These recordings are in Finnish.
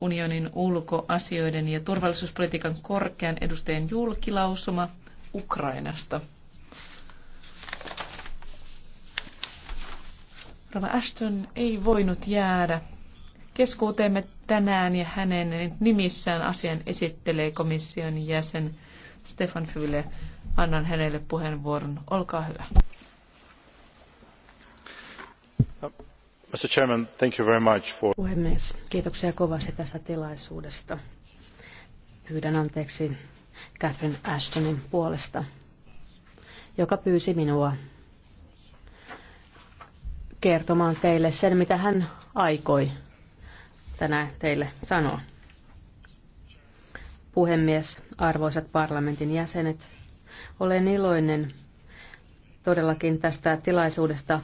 unionin ulkoasioiden ja turvallisuuspolitiikan korkean edustajan julkilausuma Ukrainasta. Rova Ashton ei voinut jäädä keskuuteemme tänään ja hänen nimissään asian esittelee komission jäsen Stefan Füle Annan hänelle puheenvuoron. Olkaa hyvä. Mr. Puhemies, kiitoksia kovasti tästä tilaisuudesta. Pyydän anteeksi Catherine Ashtonin puolesta, joka pyysi minua kertomaan teille sen, mitä hän aikoi tänään teille sanoa. Puhemies, arvoisat parlamentin jäsenet, olen iloinen todellakin tästä tilaisuudesta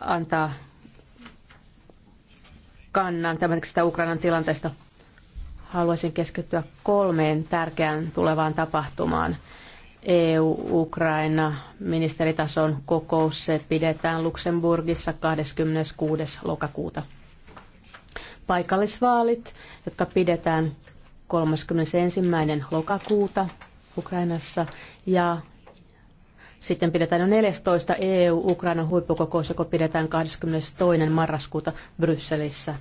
antaa kannan tästä Ukrainan tilanteesta. Haluaisin keskittyä kolmeen tärkeään tulevaan tapahtumaan. EU-Ukraina ministeritason kokous se pidetään Luxemburgissa 26. lokakuuta. Paikallisvaalit, jotka pidetään 31. lokakuuta Ukrainassa ja sitten pidetään jo 14 EU-Ukrainan huippukokous, joka pidetään 22. marraskuuta Brysselissä.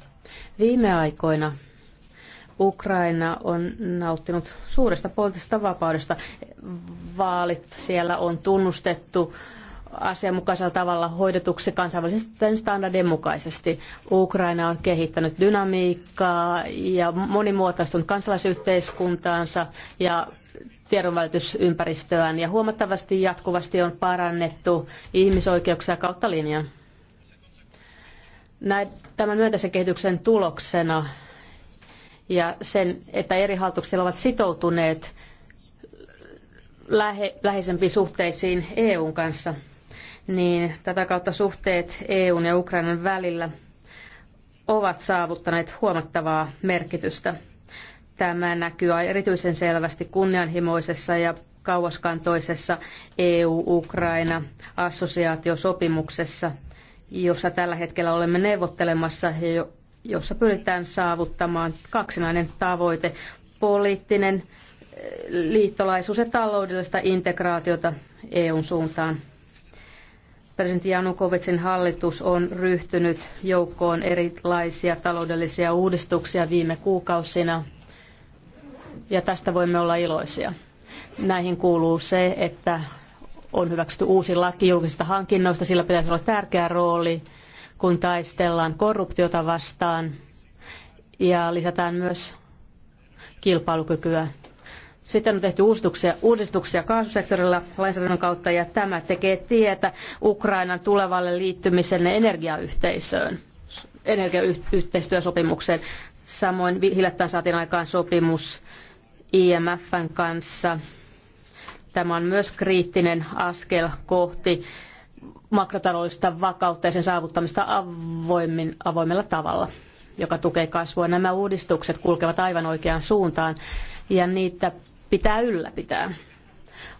Viime aikoina Ukraina on nauttinut suuresta poliittisesta vapaudesta. Vaalit siellä on tunnustettu asianmukaisella tavalla hoidetuksi kansainvälisen standardien mukaisesti. Ukraina on kehittänyt dynamiikkaa ja monimuotoistunut kansalaisyhteiskuntaansa ja tiedonvälitysympäristöään ja huomattavasti jatkuvasti on parannettu ihmisoikeuksia kautta linjan. Näin, tämän myönteisen kehityksen tuloksena ja sen, että eri hallituksilla ovat sitoutuneet lähe, läheisempiin suhteisiin EUn kanssa, niin tätä kautta suhteet EUn ja Ukrainan välillä ovat saavuttaneet huomattavaa merkitystä. Tämä näkyy erityisen selvästi kunnianhimoisessa ja kauaskantoisessa EU-Ukraina-assosiaatiosopimuksessa, jossa tällä hetkellä olemme neuvottelemassa ja jossa pyritään saavuttamaan kaksinainen tavoite, poliittinen eh, liittolaisuus ja taloudellista integraatiota EUn suuntaan. Presidentti Janukovitsin hallitus on ryhtynyt joukkoon erilaisia taloudellisia uudistuksia viime kuukausina – ja tästä voimme olla iloisia. Näihin kuuluu se, että on hyväksytty uusi laki julkisista hankinnoista, sillä pitäisi olla tärkeä rooli, kun taistellaan korruptiota vastaan ja lisätään myös kilpailukykyä. Sitten on tehty uudistuksia, uudistuksia kaasusektorilla lainsäädännön kautta ja tämä tekee tietä Ukrainan tulevalle liittymiselle energiayhteisöön, energiayhteistyösopimukseen. Samoin hiljattain saatiin aikaan sopimus IMFn kanssa. Tämä on myös kriittinen askel kohti makrotaloudellista vakautta ja sen saavuttamista avoimin, avoimella tavalla, joka tukee kasvua. Nämä uudistukset kulkevat aivan oikeaan suuntaan ja niitä pitää ylläpitää.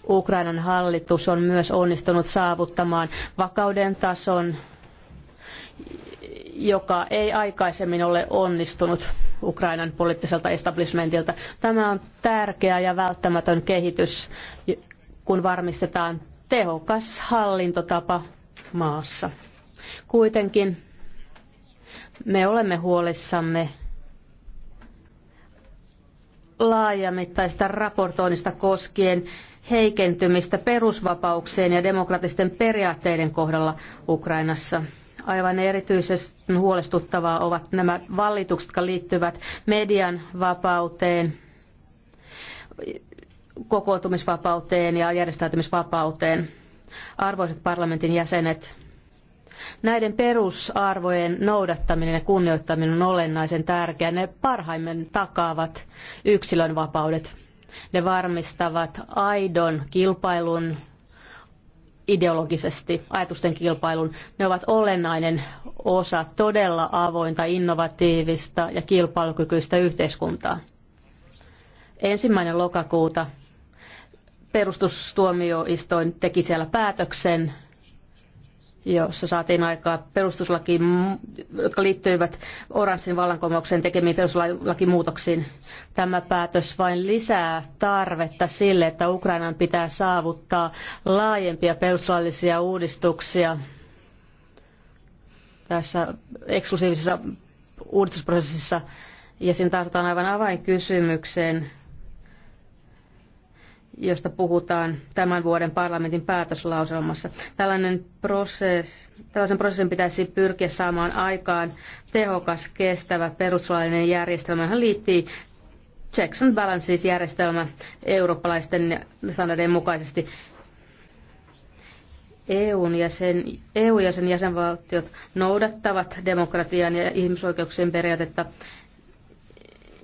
Ukrainan hallitus on myös onnistunut saavuttamaan vakauden tason, joka ei aikaisemmin ole onnistunut Ukrainan poliittiselta establishmentilta. Tämä on tärkeä ja välttämätön kehitys, kun varmistetaan tehokas hallintotapa maassa. Kuitenkin me olemme huolissamme laajamittaista raportoinnista koskien heikentymistä perusvapauksien ja demokraattisten periaatteiden kohdalla Ukrainassa. Aivan erityisesti huolestuttavaa ovat nämä vallitukset, jotka liittyvät median vapauteen, kokoontumisvapauteen ja järjestäytymisvapauteen. Arvoisat parlamentin jäsenet, Näiden perusarvojen noudattaminen ja kunnioittaminen on olennaisen tärkeää. Ne parhaimmin takaavat yksilön vapaudet. Ne varmistavat aidon kilpailun ideologisesti ajatusten kilpailun. Ne ovat olennainen osa todella avointa, innovatiivista ja kilpailukykyistä yhteiskuntaa. Ensimmäinen lokakuuta perustustuomioistuin teki siellä päätöksen, jossa saatiin aikaa perustuslakiin, jotka liittyivät Oranssin vallankumouksen tekemiin perustuslakimuutoksiin. Tämä päätös vain lisää tarvetta sille, että Ukrainan pitää saavuttaa laajempia perustuslaillisia uudistuksia tässä eksklusiivisessa uudistusprosessissa. Ja siinä tartutaan aivan avainkysymykseen, josta puhutaan tämän vuoden parlamentin päätöslauselmassa. Tällainen prosess, tällaisen prosessin pitäisi pyrkiä saamaan aikaan tehokas, kestävä, perustuslaillinen järjestelmä, johon liittyy checks and balances järjestelmä eurooppalaisten standardien mukaisesti. EUn jäsen, EU ja sen jäsenvaltiot noudattavat demokratian ja ihmisoikeuksien periaatetta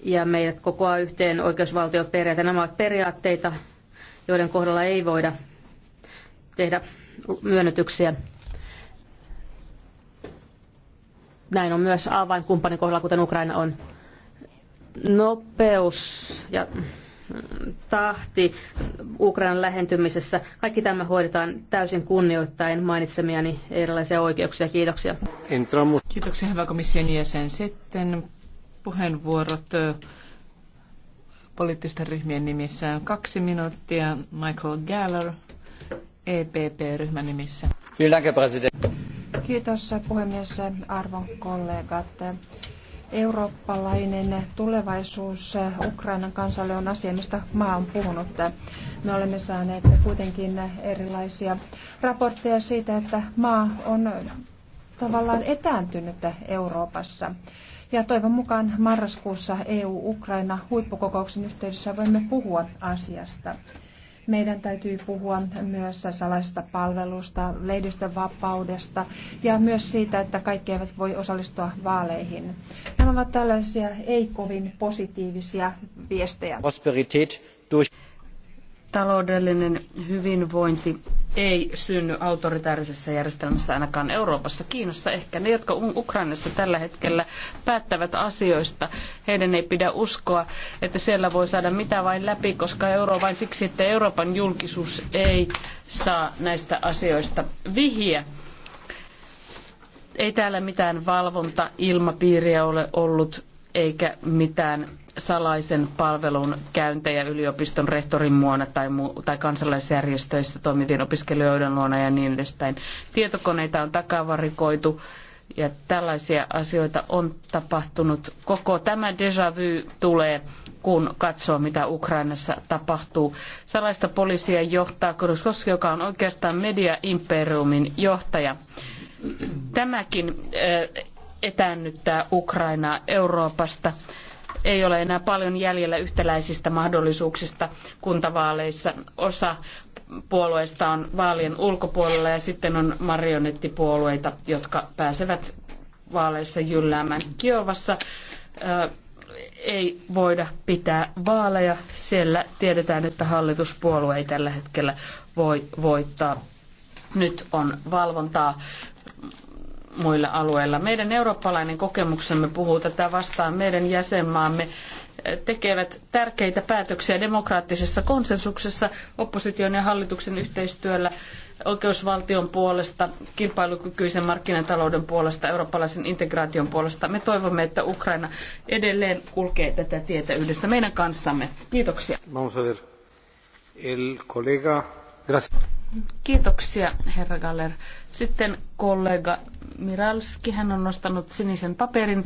ja meidät kokoaa yhteen oikeusvaltioperiaate. Nämä ovat periaatteita, joiden kohdalla ei voida tehdä myönnytyksiä. Näin on myös avainkumppanin kohdalla, kuten Ukraina on. Nopeus ja tahti Ukrainan lähentymisessä. Kaikki tämä hoidetaan täysin kunnioittain mainitsemiani erilaisia oikeuksia. Kiitoksia. Kiitoksia hyvä komission jäsen. Sitten puheenvuorot poliittisten ryhmien nimissä. Kaksi minuuttia Michael Galler EPP-ryhmän nimissä. Kiitos puhemies, arvon kollegat. Eurooppalainen tulevaisuus Ukrainan kansalle on asia, mistä maa on puhunut. Me olemme saaneet kuitenkin erilaisia raportteja siitä, että maa on tavallaan etääntynyt Euroopassa. Ja toivon mukaan marraskuussa EU-Ukraina huippukokouksen yhteydessä voimme puhua asiasta. Meidän täytyy puhua myös salaisesta palvelusta, lehdistön vapaudesta ja myös siitä, että kaikki eivät voi osallistua vaaleihin. Nämä ovat tällaisia ei kovin positiivisia viestejä. Taloudellinen hyvinvointi ei synny autoritaarisessa järjestelmässä ainakaan Euroopassa. Kiinassa ehkä ne, jotka Ukrainassa tällä hetkellä päättävät asioista, heidän ei pidä uskoa, että siellä voi saada mitä vain läpi, koska euro vain siksi, että Euroopan julkisuus ei saa näistä asioista vihiä. Ei täällä mitään valvonta ilmapiiriä ole ollut eikä mitään salaisen palvelun käyntejä yliopiston rehtorin muona tai, mu- tai kansalaisjärjestöissä toimivien opiskelijoiden luona ja niin edespäin. Tietokoneita on takavarikoitu ja tällaisia asioita on tapahtunut. Koko tämä déjà vu tulee, kun katsoo, mitä Ukrainassa tapahtuu. Salaista poliisia johtaa Kuruskos, joka on oikeastaan mediaimperiumin johtaja. Tämäkin äh, etäännyttää Ukrainaa Euroopasta ei ole enää paljon jäljellä yhtäläisistä mahdollisuuksista kuntavaaleissa. Osa puolueista on vaalien ulkopuolella ja sitten on marionettipuolueita, jotka pääsevät vaaleissa jylläämään. Kiovassa ei voida pitää vaaleja. Siellä tiedetään, että hallituspuolue ei tällä hetkellä voi voittaa. Nyt on valvontaa muilla alueilla. Meidän eurooppalainen kokemuksemme puhuu tätä vastaan. Meidän jäsenmaamme tekevät tärkeitä päätöksiä demokraattisessa konsensuksessa opposition ja hallituksen yhteistyöllä oikeusvaltion puolesta, kilpailukykyisen markkinatalouden puolesta, eurooppalaisen integraation puolesta. Me toivomme, että Ukraina edelleen kulkee tätä tietä yhdessä meidän kanssamme. Kiitoksia. Kiitoksia, herra Galler. Sitten kollega Miralski, hän on nostanut sinisen paperin.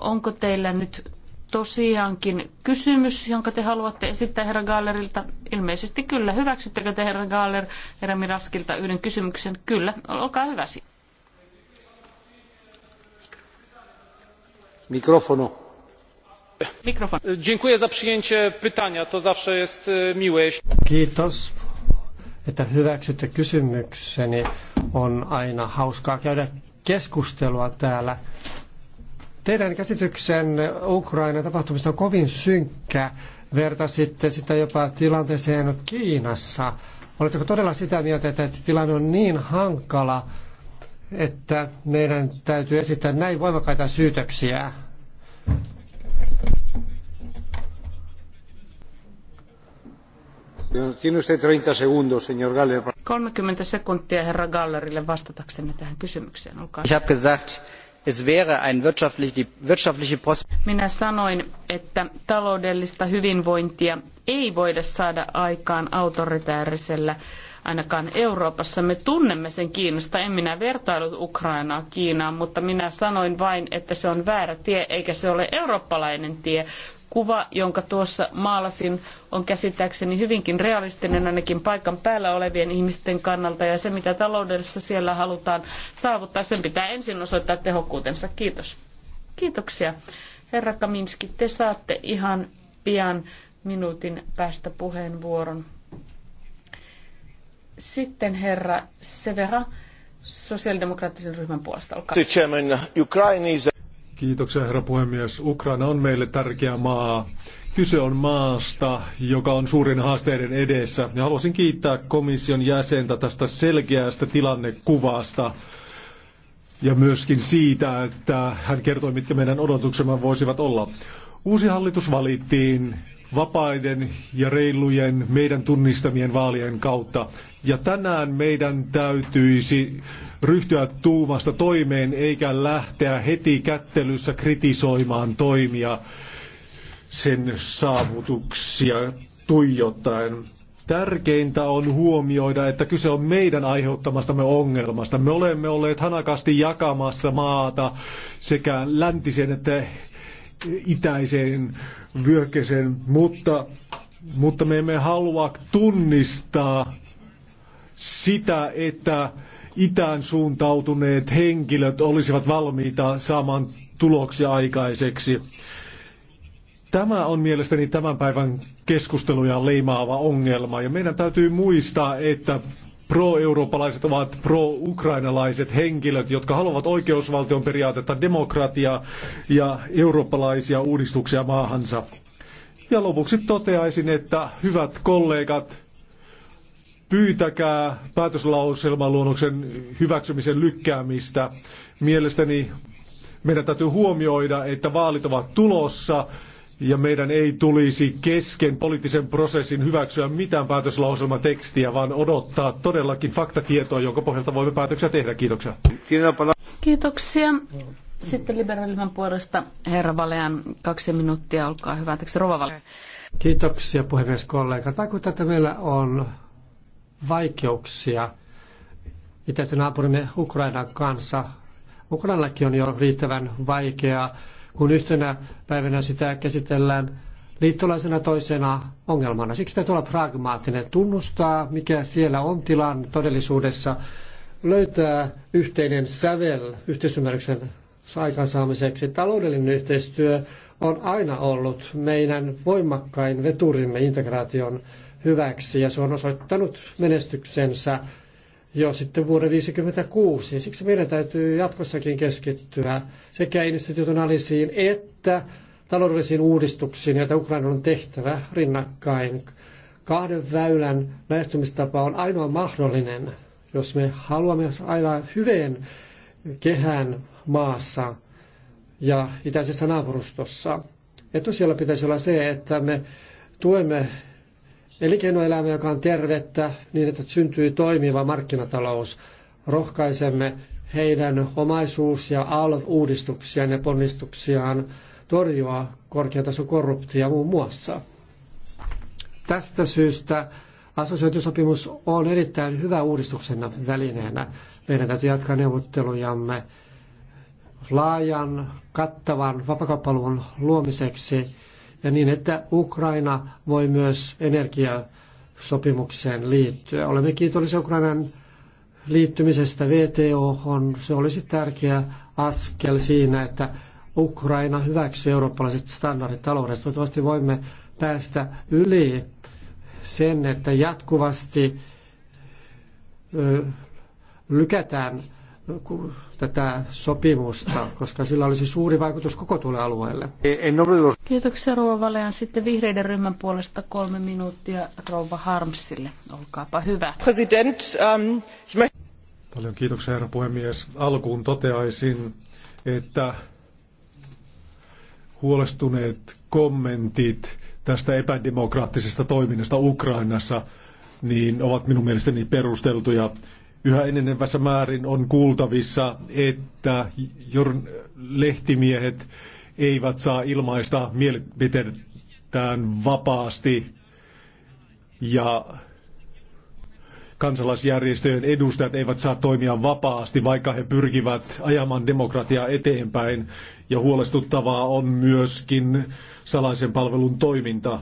Onko teillä nyt tosiaankin kysymys, jonka te haluatte esittää herra Gallerilta? Ilmeisesti kyllä. Hyväksyttekö te herra Galler herra Miralskilta yhden kysymyksen? Kyllä. Olkaa hyväsi. Mikrofono. Mikrofon. Dziękuję za przyjęcie pytania. To zawsze jest e, miłe. Kiitos että hyväksytte kysymykseni. On aina hauskaa käydä keskustelua täällä. Teidän käsityksen Ukrainan tapahtumista on kovin synkkä. Vertasitte sitä jopa tilanteeseen Kiinassa. Oletteko todella sitä mieltä, että tilanne on niin hankala, että meidän täytyy esittää näin voimakkaita syytöksiä? 30 sekuntia herra Gallerille vastataksenne tähän kysymykseen. Olkaa. Minä sanoin, että taloudellista hyvinvointia ei voida saada aikaan autoritäärisellä ainakaan Euroopassa. Me tunnemme sen Kiinasta. En minä vertailut Ukrainaa Kiinaan, mutta minä sanoin vain, että se on väärä tie, eikä se ole eurooppalainen tie kuva, jonka tuossa maalasin, on käsittääkseni hyvinkin realistinen ainakin paikan päällä olevien ihmisten kannalta. Ja se, mitä taloudessa siellä halutaan saavuttaa, sen pitää ensin osoittaa tehokkuutensa. Kiitos. Kiitoksia. Herra Kaminski, te saatte ihan pian minuutin päästä puheenvuoron. Sitten herra Severa, sosiaalidemokraattisen ryhmän puolesta, olkaa. Kiitoksia herra puhemies. Ukraina on meille tärkeä maa. Kyse on maasta, joka on suurin haasteiden edessä. Ja haluaisin kiittää komission jäsentä tästä selkeästä tilannekuvasta. Ja myöskin siitä, että hän kertoi, mitkä meidän odotuksemme voisivat olla. Uusi hallitus valittiin vapaiden ja reilujen meidän tunnistamien vaalien kautta. Ja tänään meidän täytyisi ryhtyä tuumasta toimeen eikä lähteä heti kättelyssä kritisoimaan toimia sen saavutuksia tuijottaen. Tärkeintä on huomioida, että kyse on meidän aiheuttamastamme ongelmasta. Me olemme olleet hanakasti jakamassa maata sekä läntiseen että itäiseen vyökesen, mutta, mutta me emme halua tunnistaa sitä, että itään suuntautuneet henkilöt olisivat valmiita saamaan tuloksia aikaiseksi. Tämä on mielestäni tämän päivän keskusteluja leimaava ongelma ja meidän täytyy muistaa, että pro-eurooppalaiset ovat pro-ukrainalaiset henkilöt, jotka haluavat oikeusvaltion periaatetta, demokratiaa ja eurooppalaisia uudistuksia maahansa. Ja lopuksi toteaisin, että hyvät kollegat, pyytäkää päätöslauselmaluonnoksen hyväksymisen lykkäämistä. Mielestäni meidän täytyy huomioida, että vaalit ovat tulossa ja meidän ei tulisi kesken poliittisen prosessin hyväksyä mitään päätöslauselmatekstiä, vaan odottaa todellakin faktatietoa, jonka pohjalta voimme päätöksiä tehdä. Kiitoksia. Kiitoksia. Sitten liberaalimman puolesta herra Valean kaksi minuuttia, olkaa hyvä. Anteeksi, Rova Vale. Kiitoksia puhemies kollega. Vaikuttaa, että meillä on vaikeuksia itäisen naapurimme Ukrainan kanssa. Ukrainallakin on jo riittävän vaikeaa kun yhtenä päivänä sitä käsitellään liittolaisena toisena ongelmana. Siksi täytyy olla pragmaattinen, tunnustaa, mikä siellä on tilan todellisuudessa, löytää yhteinen sävel yhteisymmärryksen aikaansaamiseksi. Taloudellinen yhteistyö on aina ollut meidän voimakkain veturimme integraation hyväksi ja se on osoittanut menestyksensä jo sitten vuonna 1956. Ja siksi meidän täytyy jatkossakin keskittyä sekä institutionaalisiin että taloudellisiin uudistuksiin, joita Ukraina on tehtävä rinnakkain. Kahden väylän lähestymistapa on ainoa mahdollinen, jos me haluamme aina hyveen kehän maassa ja itäisessä naapurustossa. Etusijalla pitäisi olla se, että me tuemme elinkeinoelämä, joka on tervettä, niin että syntyy toimiva markkinatalous. Rohkaisemme heidän omaisuus- ja ALV-uudistuksiaan ja ponnistuksiaan torjua korkeatasokorruptia muun muassa. Tästä syystä asosioitusopimus on erittäin hyvä uudistuksena välineenä. Meidän täytyy jatkaa neuvottelujamme laajan, kattavan vapakauppaluvun luomiseksi ja niin, että Ukraina voi myös energiasopimukseen liittyä. Olemme kiitollisia Ukrainan liittymisestä VTO. On, se olisi tärkeä askel siinä, että Ukraina hyväksyy eurooppalaiset standardit taloudesta. Toivottavasti voimme päästä yli sen, että jatkuvasti lykätään tätä sopimusta, koska sillä olisi suuri vaikutus koko tuolle alueelle. Kiitoksia Rouva Sitten vihreiden ryhmän puolesta kolme minuuttia Rouva Harmsille. Olkaapa hyvä. President, um, ich... Paljon kiitoksia herra puhemies. Alkuun toteaisin, että huolestuneet kommentit tästä epädemokraattisesta toiminnasta Ukrainassa niin ovat minun mielestäni perusteltuja yhä enenevässä määrin on kuultavissa, että lehtimiehet eivät saa ilmaista mielipidettään vapaasti ja kansalaisjärjestöjen edustajat eivät saa toimia vapaasti, vaikka he pyrkivät ajamaan demokratiaa eteenpäin. Ja huolestuttavaa on myöskin salaisen palvelun toiminta.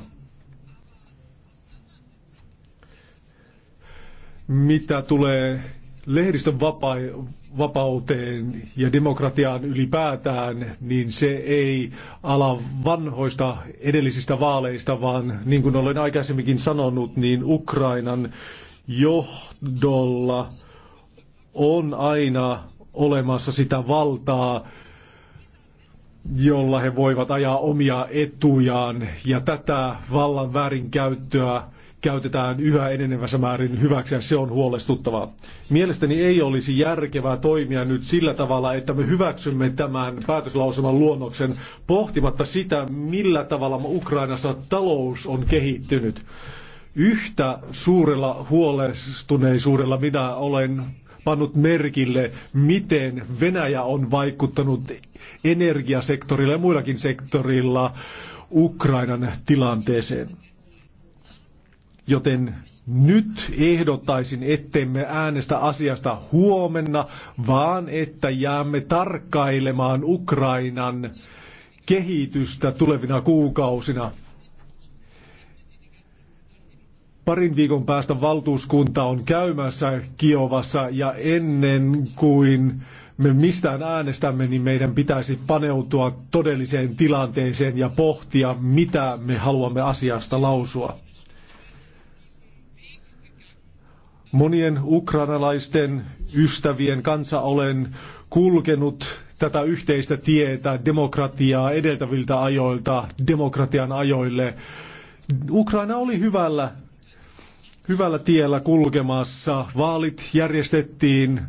Mitä tulee lehdistön vapa- vapauteen ja demokratiaan ylipäätään, niin se ei ala vanhoista edellisistä vaaleista, vaan niin kuin olen aikaisemminkin sanonut, niin Ukrainan johdolla on aina olemassa sitä valtaa, jolla he voivat ajaa omia etujaan, ja tätä vallan väärinkäyttöä käytetään yhä enenevässä määrin hyväksi ja se on huolestuttavaa. Mielestäni ei olisi järkevää toimia nyt sillä tavalla, että me hyväksymme tämän päätöslausuman luonnoksen pohtimatta sitä, millä tavalla Ukrainassa talous on kehittynyt. Yhtä suurella huolestuneisuudella minä olen pannut merkille, miten Venäjä on vaikuttanut energiasektorilla ja muillakin sektorilla Ukrainan tilanteeseen. Joten nyt ehdottaisin, ettemme äänestä asiasta huomenna, vaan että jäämme tarkkailemaan Ukrainan kehitystä tulevina kuukausina. Parin viikon päästä valtuuskunta on käymässä Kiovassa ja ennen kuin me mistään äänestämme, niin meidän pitäisi paneutua todelliseen tilanteeseen ja pohtia, mitä me haluamme asiasta lausua. Monien ukrainalaisten ystävien kanssa olen kulkenut tätä yhteistä tietä demokratiaa edeltäviltä ajoilta, demokratian ajoille. Ukraina oli hyvällä, hyvällä tiellä kulkemassa. Vaalit järjestettiin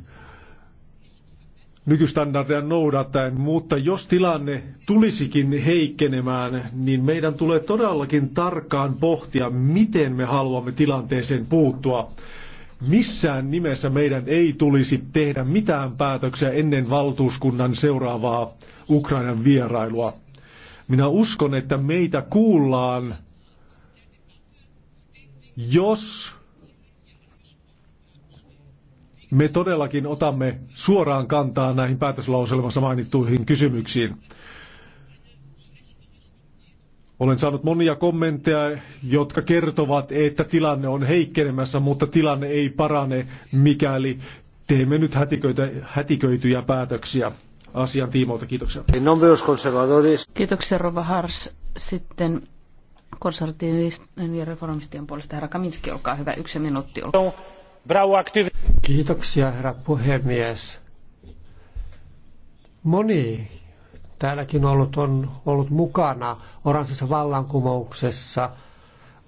nykystandardeja noudattaen, mutta jos tilanne tulisikin heikkenemään, niin meidän tulee todellakin tarkkaan pohtia, miten me haluamme tilanteeseen puuttua. Missään nimessä meidän ei tulisi tehdä mitään päätöksiä ennen valtuuskunnan seuraavaa Ukrainan vierailua. Minä uskon, että meitä kuullaan, jos me todellakin otamme suoraan kantaa näihin päätöslauselmassa mainittuihin kysymyksiin. Olen saanut monia kommentteja, jotka kertovat, että tilanne on heikkenemässä, mutta tilanne ei parane, mikäli teemme nyt hätiköityjä päätöksiä asian tiimoilta. Kiitoksia. Kiitoksia Rova Hars. Sitten konservatiivisten ja reformistien puolesta herra Kaminski, olkaa hyvä. Yksi minuutti. Kiitoksia herra puhemies. Moni täälläkin ollut, on ollut mukana oranssissa vallankumouksessa.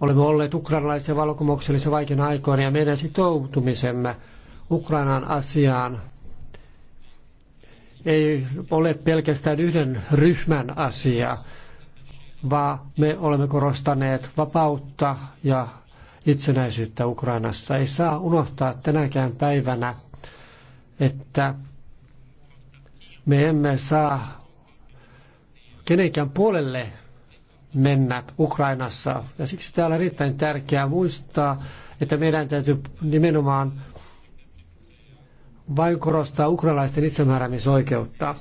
Olemme olleet ukrainalaisia vallankumouksellisia vaikeina aikoina ja meidän sitoutumisemme Ukrainan asiaan ei ole pelkästään yhden ryhmän asia, vaan me olemme korostaneet vapautta ja itsenäisyyttä Ukrainassa. Ei saa unohtaa tänäkään päivänä, että me emme saa kenenkään puolelle mennä Ukrainassa. Ja siksi täällä on erittäin tärkeää muistaa, että meidän täytyy nimenomaan vain korostaa ukrainalaisten itsemääräämisoikeutta.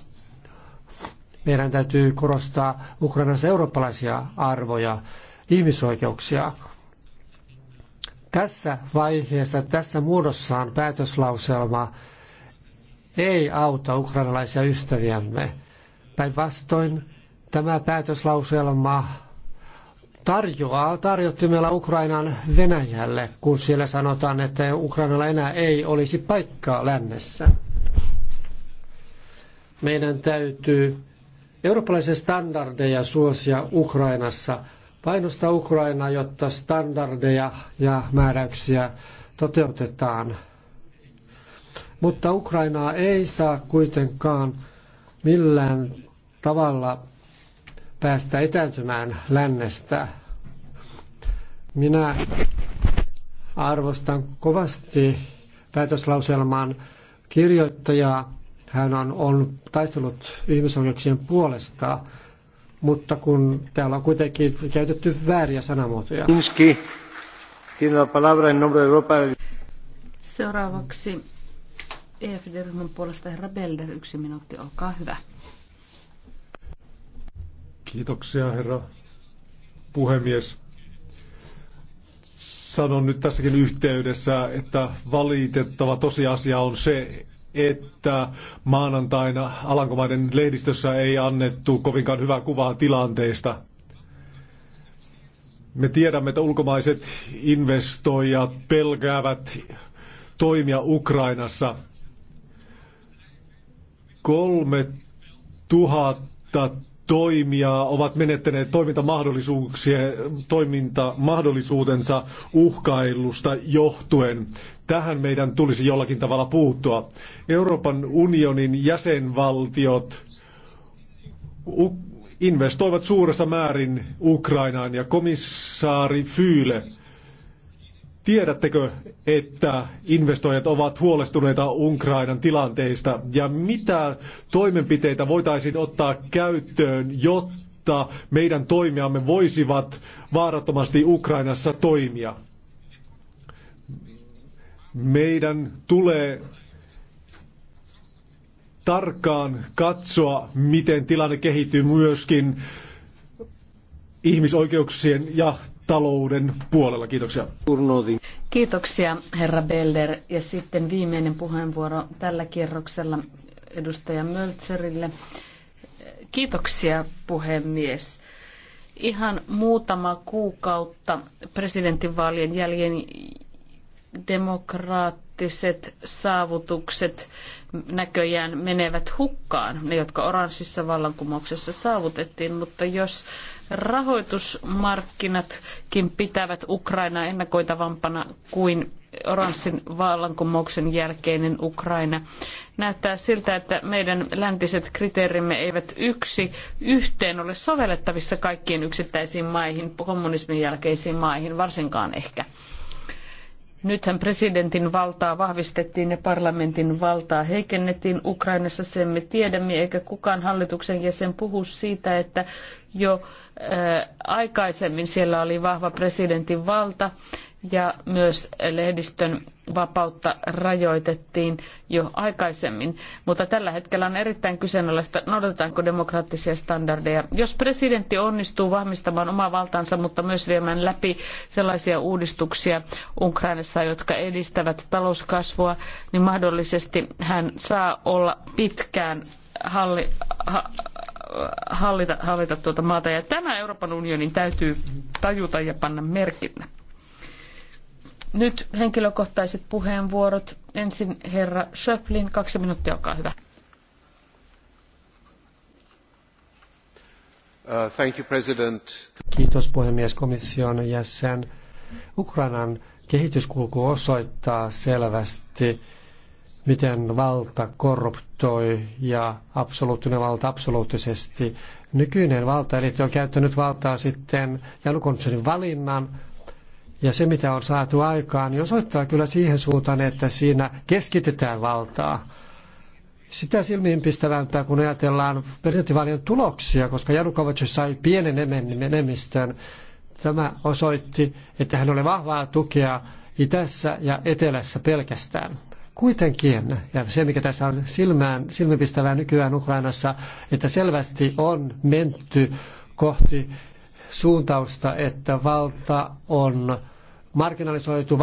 Meidän täytyy korostaa Ukrainassa eurooppalaisia arvoja, ihmisoikeuksia. Tässä vaiheessa, tässä muodossaan päätöslauselma ei auta ukrainalaisia ystäviämme. Päinvastoin Tämä päätöslauselma tarjoaa tarjottimella Ukrainan Venäjälle, kun siellä sanotaan, että Ukrainalla enää ei olisi paikkaa lännessä. Meidän täytyy eurooppalaisia standardeja suosia Ukrainassa, painostaa Ukrainaa, jotta standardeja ja määräyksiä toteutetaan. Mutta Ukrainaa ei saa kuitenkaan millään tavalla päästä etääntymään lännestä. Minä arvostan kovasti päätöslauselman kirjoittajaa. Hän on, on taistellut ihmisoikeuksien puolesta, mutta kun täällä on kuitenkin käytetty vääriä sanamuotoja. Inski, palabra en nombre Seuraavaksi EFD-ryhmän puolesta herra Belder, yksi minuutti, olkaa hyvä. Kiitoksia, herra puhemies. Sanon nyt tässäkin yhteydessä, että valitettava tosiasia on se, että maanantaina Alankomaiden lehdistössä ei annettu kovinkaan hyvää kuvaa tilanteesta. Me tiedämme, että ulkomaiset investoijat pelkäävät toimia Ukrainassa. Kolme tuhatta toimia ovat menettäneet toimintamahdollisuuksia, toimintamahdollisuutensa uhkailusta johtuen. Tähän meidän tulisi jollakin tavalla puuttua. Euroopan unionin jäsenvaltiot investoivat suuressa määrin Ukrainaan ja komissaari Fyle Tiedättekö, että investoijat ovat huolestuneita Ukrainan tilanteista ja mitä toimenpiteitä voitaisiin ottaa käyttöön, jotta meidän toimijamme voisivat vaarattomasti Ukrainassa toimia? Meidän tulee tarkkaan katsoa, miten tilanne kehittyy myöskin ihmisoikeuksien ja talouden puolella. Kiitoksia. Kiitoksia, herra Belder. Ja sitten viimeinen puheenvuoro tällä kierroksella edustaja Möltserille. Kiitoksia, puhemies. Ihan muutama kuukautta presidentinvaalien jäljen demokraattiset saavutukset näköjään menevät hukkaan, ne jotka oranssissa vallankumouksessa saavutettiin, mutta jos rahoitusmarkkinatkin pitävät Ukrainaa ennakoitavampana kuin oranssin vallankumouksen jälkeinen Ukraina. Näyttää siltä, että meidän läntiset kriteerimme eivät yksi yhteen ole sovellettavissa kaikkiin yksittäisiin maihin, kommunismin jälkeisiin maihin varsinkaan ehkä. Nythän presidentin valtaa vahvistettiin ja parlamentin valtaa heikennettiin Ukrainassa, sen me tiedämme, eikä kukaan hallituksen jäsen puhu siitä, että jo aikaisemmin siellä oli vahva presidentin valta ja myös lehdistön vapautta rajoitettiin jo aikaisemmin. Mutta tällä hetkellä on erittäin kyseenalaista, noudatetaanko demokraattisia standardeja. Jos presidentti onnistuu vahvistamaan omaa valtaansa, mutta myös viemään läpi sellaisia uudistuksia Ukrainassa, jotka edistävät talouskasvua, niin mahdollisesti hän saa olla pitkään halli, ha, hallita, hallita tuota maata. Ja tämä Euroopan unionin täytyy tajuta ja panna merkinnä. Nyt henkilökohtaiset puheenvuorot. Ensin herra Schöplin, kaksi minuuttia, olkaa hyvä. Uh, thank you, President. Kiitos puhemies komission jäsen. Ukrainan kehityskulku osoittaa selvästi, miten valta korruptoi ja absoluuttinen valta absoluuttisesti. Nykyinen valtaeliitti on käyttänyt valtaa sitten Janukovytsin valinnan ja se, mitä on saatu aikaan, niin osoittaa kyllä siihen suuntaan, että siinä keskitetään valtaa. Sitä silmiinpistävämpää, kun ajatellaan presidentinvaalien tuloksia, koska Janukovic sai pienen enemmistön. Tämä osoitti, että hän oli vahvaa tukea itässä ja etelässä pelkästään. Kuitenkin, ja se mikä tässä on silmään, silmipistävää nykyään Ukrainassa, että selvästi on menty kohti suuntausta, että valta on marginalisoitu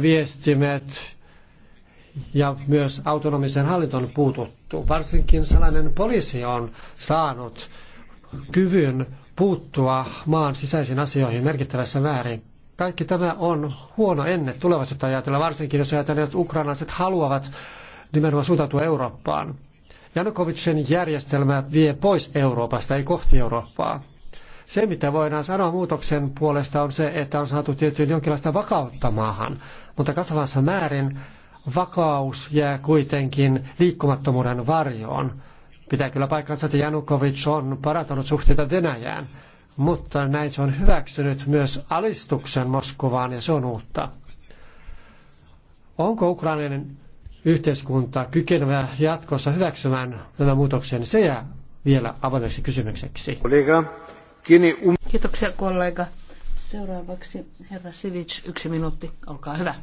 viestimet ja myös autonomisen hallinton puututtu. Varsinkin sellainen poliisi on saanut kyvyn puuttua maan sisäisiin asioihin merkittävässä määrin. Kaikki tämä on huono ennen tulevaisuutta ajatella, varsinkin jos ajatellaan, että ukrainalaiset haluavat nimenomaan suuntautua Eurooppaan. Janukovicin järjestelmä vie pois Euroopasta, ei kohti Eurooppaa. Se, mitä voidaan sanoa muutoksen puolesta, on se, että on saatu tietyn jonkinlaista vakautta maahan, mutta kasvavassa määrin vakaus jää kuitenkin liikkumattomuuden varjoon. Pitää kyllä paikkansa, että Janukovic on parantanut suhteita Venäjään, mutta näin se on hyväksynyt myös alistuksen Moskovaan ja se on uutta. Onko ukrainainen yhteiskunta kykenevä jatkossa hyväksymään nämä muutoksen? Se jää vielä avoimeksi kysymykseksi. Kollega. Um- Kiitoksia kollega. Seuraavaksi herra Sivic, yksi minuutti, olkaa hyvä.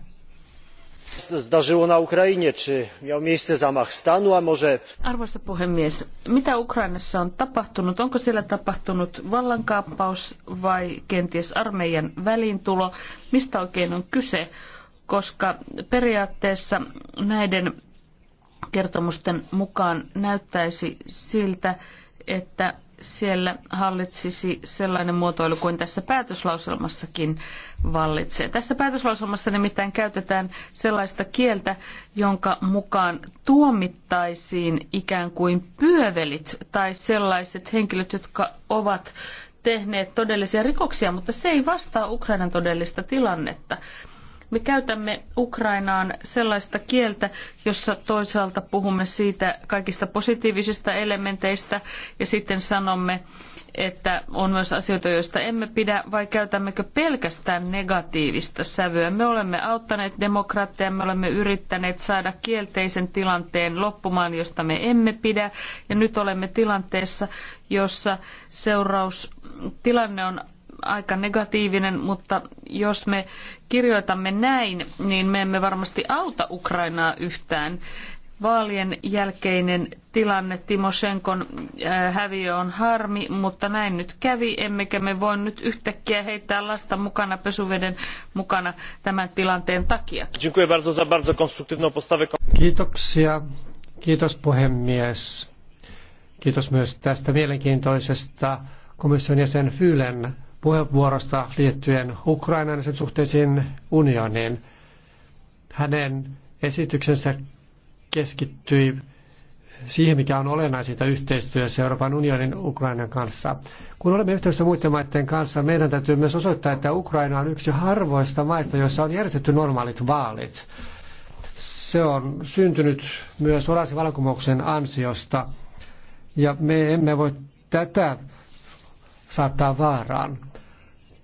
Zdarzyło na Ukrainie, czy miał miejsce zamach stanu, a może... Arvoisa puhemies, mitä Ukrainassa on tapahtunut? Onko siellä tapahtunut vallankaappaus vai kenties armeijan väliintulo? Mistä oikein on kyse? Koska periaatteessa näiden kertomusten mukaan näyttäisi siltä, että siellä hallitsisi sellainen muotoilu kuin tässä päätöslauselmassakin vallitsee. Tässä päätöslauselmassa nimittäin käytetään sellaista kieltä, jonka mukaan tuomittaisiin ikään kuin pyövelit tai sellaiset henkilöt, jotka ovat tehneet todellisia rikoksia, mutta se ei vastaa Ukrainan todellista tilannetta. Me käytämme Ukrainaan sellaista kieltä, jossa toisaalta puhumme siitä kaikista positiivisista elementeistä ja sitten sanomme, että on myös asioita, joista emme pidä, vai käytämmekö pelkästään negatiivista sävyä? Me olemme auttaneet demokraatteja, me olemme yrittäneet saada kielteisen tilanteen loppumaan, josta me emme pidä, ja nyt olemme tilanteessa, jossa seuraus, tilanne on aika negatiivinen, mutta jos me kirjoitamme näin, niin me emme varmasti auta Ukrainaa yhtään. Vaalien jälkeinen tilanne Timoshenkon äh, häviö on harmi, mutta näin nyt kävi, emmekä me voi nyt yhtäkkiä heittää lasta mukana pesuveden mukana tämän tilanteen takia. Kiitoksia. Kiitos puhemies. Kiitos myös tästä mielenkiintoisesta komission jäsen Fylen puheenvuorosta liittyen Ukrainan ja sen suhteisiin unioniin. Hänen esityksensä keskittyi siihen, mikä on olennaisinta yhteistyössä Euroopan unionin Ukrainan kanssa. Kun olemme yhteydessä muiden maiden kanssa, meidän täytyy myös osoittaa, että Ukraina on yksi harvoista maista, joissa on järjestetty normaalit vaalit. Se on syntynyt myös oranssi valkumouksen ansiosta, ja me emme voi tätä saattaa vaaraan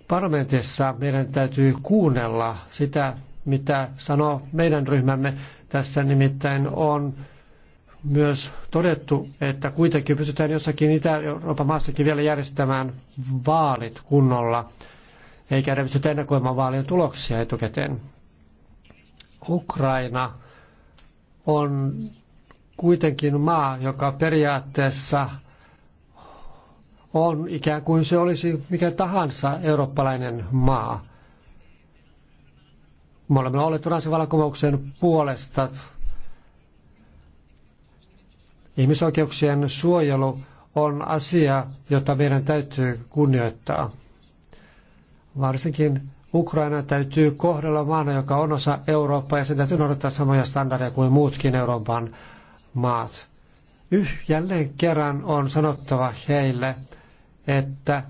parlamentissa meidän täytyy kuunnella sitä, mitä sanoo meidän ryhmämme. Tässä nimittäin on myös todettu, että kuitenkin pystytään jossakin Itä-Euroopan maassakin vielä järjestämään vaalit kunnolla, eikä edes pystytä ennakoimaan vaalien tuloksia etukäteen. Ukraina on kuitenkin maa, joka periaatteessa – on ikään kuin se olisi mikä tahansa eurooppalainen maa. Me olemme olleet Turansin puolesta. Ihmisoikeuksien suojelu on asia, jota meidän täytyy kunnioittaa. Varsinkin Ukraina täytyy kohdella maana, joka on osa Eurooppaa ja sen täytyy noudattaa samoja standardeja kuin muutkin Euroopan maat. Yh, jälleen kerran on sanottava heille, että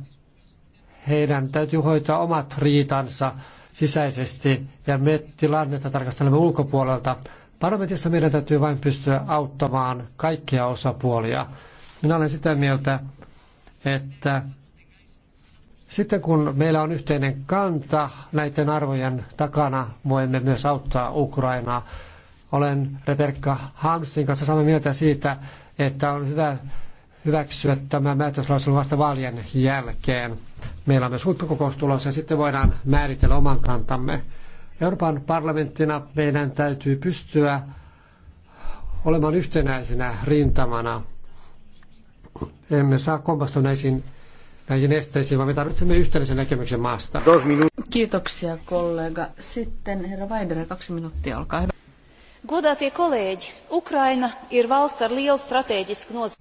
heidän täytyy hoitaa omat riitansa sisäisesti ja me tilannetta tarkastelemme ulkopuolelta. Parlamentissa meidän täytyy vain pystyä auttamaan kaikkia osapuolia. Minä olen sitä mieltä, että sitten kun meillä on yhteinen kanta näiden arvojen takana, voimme myös auttaa Ukrainaa. Olen Rebekka Hansin kanssa samaa mieltä siitä, että on hyvä hyväksyä tämä määräyslauselma vasta vaalien jälkeen. Meillä on myös huippukokous tulossa ja sitten voidaan määritellä oman kantamme. Euroopan parlamenttina meidän täytyy pystyä olemaan yhtenäisenä rintamana. Emme saa kompastua näisiin näihin esteisiin, vaan me tarvitsemme yhteisen näkemyksen maasta. Kiitoksia kollega. Sitten herra Vaidere, kaksi minuuttia, olkaa hyvä. Godatie kolēģi, Ukraina ir valsts ar lielu strateģisku nozīmi.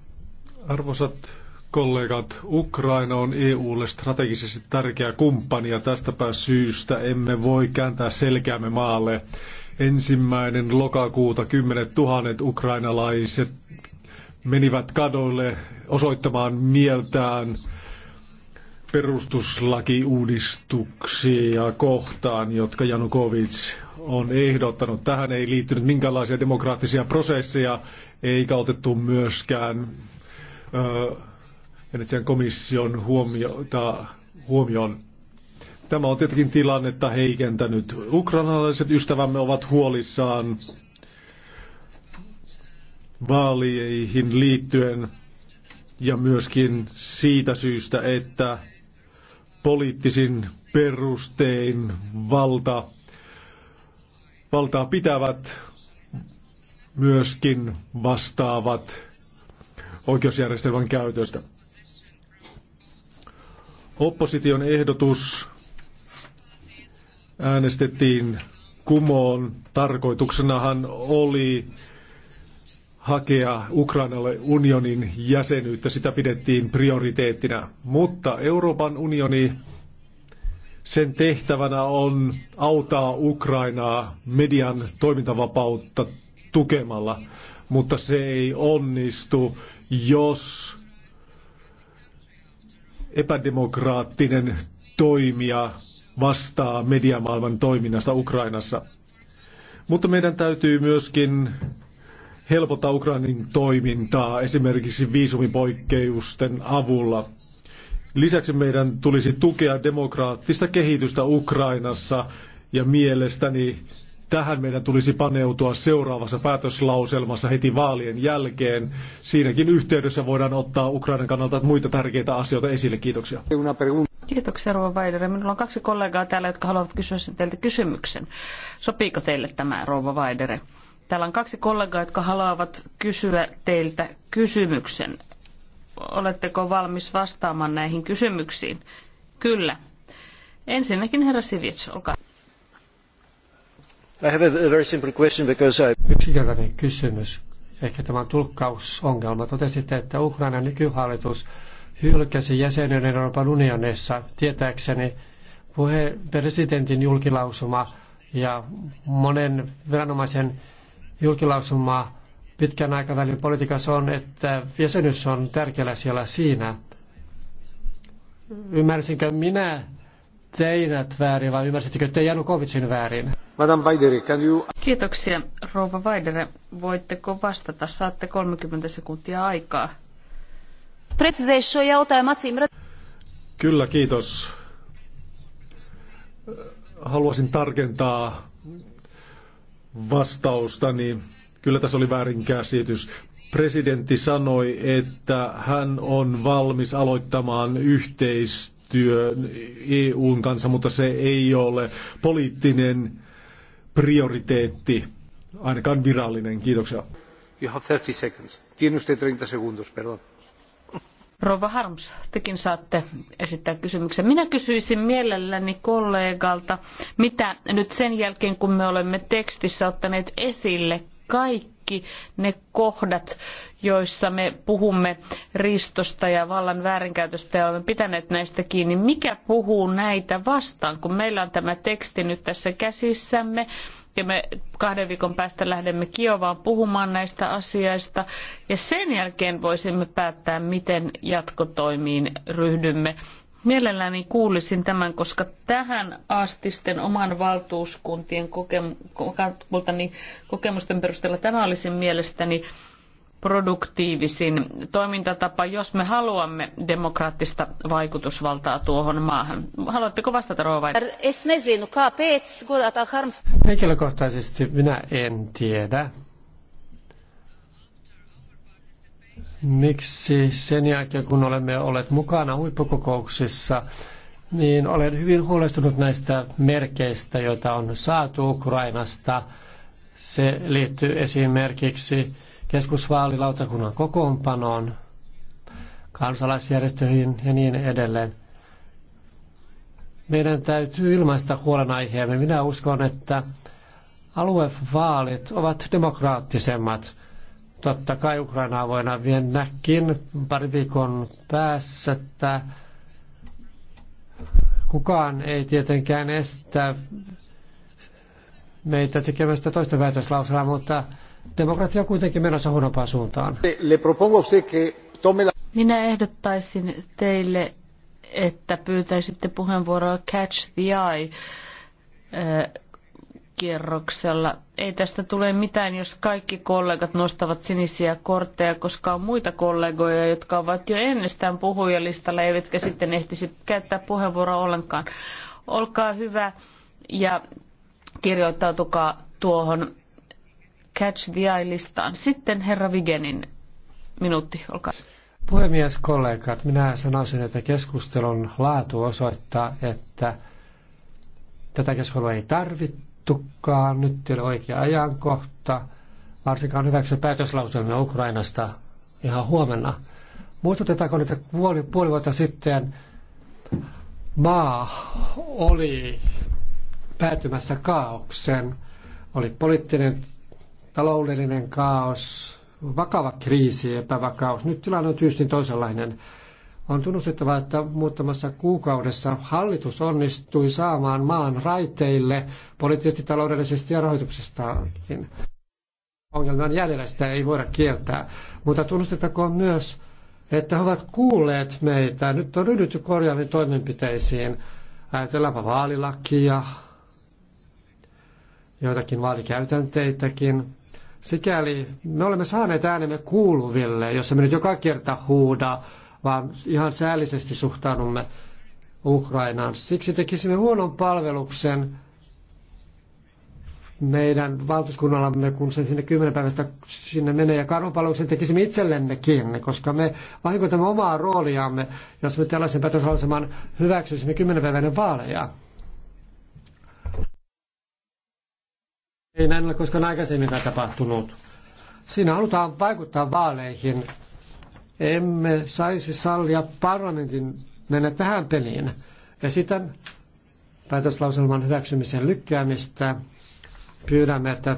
Arvoisat kollegat, Ukraina on EUlle strategisesti tärkeä kumppani ja tästäpä syystä emme voi kääntää selkäämme maalle. Ensimmäinen lokakuuta kymmenet tuhannet ukrainalaiset menivät kadoille osoittamaan mieltään perustuslakiuudistuksia kohtaan, jotka Janukovic on ehdottanut. Tähän ei liittynyt minkäänlaisia demokraattisia prosesseja, eikä otettu myöskään Venetsian komission huomiota, huomioon. Tämä on tietenkin tilannetta heikentänyt. Ukrainalaiset ystävämme ovat huolissaan vaalieihin liittyen ja myöskin siitä syystä, että poliittisin perustein valta, valtaa pitävät myöskin vastaavat oikeusjärjestelmän käytöstä. Opposition ehdotus äänestettiin kumoon. Tarkoituksenahan oli hakea Ukrainalle unionin jäsenyyttä. Sitä pidettiin prioriteettina. Mutta Euroopan unioni, sen tehtävänä on auttaa Ukrainaa median toimintavapautta tukemalla, mutta se ei onnistu, jos epädemokraattinen toimija vastaa mediamaailman toiminnasta Ukrainassa. Mutta meidän täytyy myöskin helpottaa Ukrainin toimintaa esimerkiksi viisumipoikkeusten avulla. Lisäksi meidän tulisi tukea demokraattista kehitystä Ukrainassa ja mielestäni Tähän meidän tulisi paneutua seuraavassa päätöslauselmassa heti vaalien jälkeen. Siinäkin yhteydessä voidaan ottaa Ukrainan kannalta muita tärkeitä asioita esille. Kiitoksia. Kiitoksia Rova Vaidere. Minulla on kaksi kollegaa täällä, jotka haluavat kysyä teiltä kysymyksen. Sopiiko teille tämä Rova Vaidere? Täällä on kaksi kollegaa, jotka haluavat kysyä teiltä kysymyksen. Oletteko valmis vastaamaan näihin kysymyksiin? Kyllä. Ensinnäkin herra Sivits, olkaa I have a very simple question because I... Yksinkertainen kysymys. Ehkä tämä on tulkkausongelma. Totesitte, että Ukrainan nykyhallitus hylkäsi jäsenyyden Euroopan unionissa. Tietääkseni puhe presidentin julkilausuma ja monen viranomaisen julkilausuma pitkän aikavälin politiikassa on, että jäsenyys on tärkeällä siellä siinä. Ymmärsinkö minä teidät väärin vai ymmärsittekö te Janukovicin väärin? Madame can you... Kiitoksia, rouva Vaidere. Voitteko vastata? Saatte 30 sekuntia aikaa. Kyllä, kiitos. Haluaisin tarkentaa vastaustani. kyllä tässä oli väärinkäsitys. Presidentti sanoi, että hän on valmis aloittamaan yhteistyön EUn kanssa, mutta se ei ole poliittinen prioriteetti, ainakaan virallinen. Kiitoksia. You have 30 seconds. Tiene usted 30 segundos, perdón. Rova Harms, tekin saatte esittää kysymyksen. Minä kysyisin mielelläni kollegalta, mitä nyt sen jälkeen, kun me olemme tekstissä ottaneet esille kaikki kaikki ne kohdat, joissa me puhumme riistosta ja vallan väärinkäytöstä ja olemme pitäneet näistä kiinni. Mikä puhuu näitä vastaan, kun meillä on tämä teksti nyt tässä käsissämme ja me kahden viikon päästä lähdemme Kiovaan puhumaan näistä asioista ja sen jälkeen voisimme päättää, miten jatkotoimiin ryhdymme. Mielelläni kuulisin tämän, koska tähän asti sitten oman valtuuskuntien kokemu- kokemusten perusteella tämä olisi mielestäni produktiivisin toimintatapa, jos me haluamme demokraattista vaikutusvaltaa tuohon maahan. Haluatteko vastata, Rova? Henkilökohtaisesti minä en tiedä, miksi sen jälkeen kun olemme olleet mukana huippukokouksissa, niin olen hyvin huolestunut näistä merkeistä, joita on saatu Ukrainasta. Se liittyy esimerkiksi keskusvaalilautakunnan kokoonpanoon, kansalaisjärjestöihin ja niin edelleen. Meidän täytyy ilmaista huolenaiheemme. Minä uskon, että aluevaalit ovat demokraattisemmat Totta kai Ukrainaa voidaan mennäkin pari viikon päässä, että kukaan ei tietenkään estä meitä tekemästä toista väitöslausella, mutta demokratia on kuitenkin menossa huonompaan suuntaan. Minä ehdottaisin teille, että pyytäisitte puheenvuoroa Catch the Eye kierroksella. Ei tästä tule mitään, jos kaikki kollegat nostavat sinisiä kortteja, koska on muita kollegoja, jotka ovat jo ennestään puhujalistalla, eivätkä sitten ehtisi käyttää puheenvuoroa ollenkaan. Olkaa hyvä ja kirjoittautukaa tuohon Catch the Eye-listaan. Sitten herra Vigenin minuutti, olkaa Puhemies, kollegat, minä sanoisin, että keskustelun laatu osoittaa, että tätä keskustelua ei tarvittu tukkaa nyt ei ole oikea ajankohta, varsinkaan hyväksyä päätöslauselmia Ukrainasta ihan huomenna. Muistutetaanko, että puoli, puoli vuotta sitten maa oli päätymässä kaaukseen. Oli poliittinen, taloudellinen kaos, vakava kriisi, epävakaus. Nyt tilanne on tyystin toisenlainen. On tunnustettava, että muutamassa kuukaudessa hallitus onnistui saamaan maan raiteille poliittisesti, taloudellisesti ja rahoituksestaankin. Ongelman jäljellä sitä ei voida kieltää, mutta tunnustettakoon myös, että he ovat kuulleet meitä. Nyt on ryhdytty korjaaviin toimenpiteisiin. Ajatellaanpa vaalilakia, joitakin vaalikäytänteitäkin. Sikäli me olemme saaneet äänemme kuuluville, jos me nyt joka kerta huuda vaan ihan säällisesti suhtaudumme Ukrainaan. Siksi tekisimme huonon palveluksen meidän valtuuskunnallamme, kun se sinne kymmenen päivästä sinne menee, ja karhunpalveluksen tekisimme itsellemmekin, koska me vahinkoitamme omaa rooliamme, jos me tällaisen päätöslauseman hyväksyisimme kymmenen päivänä vaaleja. Ei näin ole koskaan aikaisemmin tapahtunut. Siinä halutaan vaikuttaa vaaleihin emme saisi sallia parlamentin mennä tähän peliin. Esitän päätöslauselman hyväksymisen lykkäämistä. Pyydämme, että,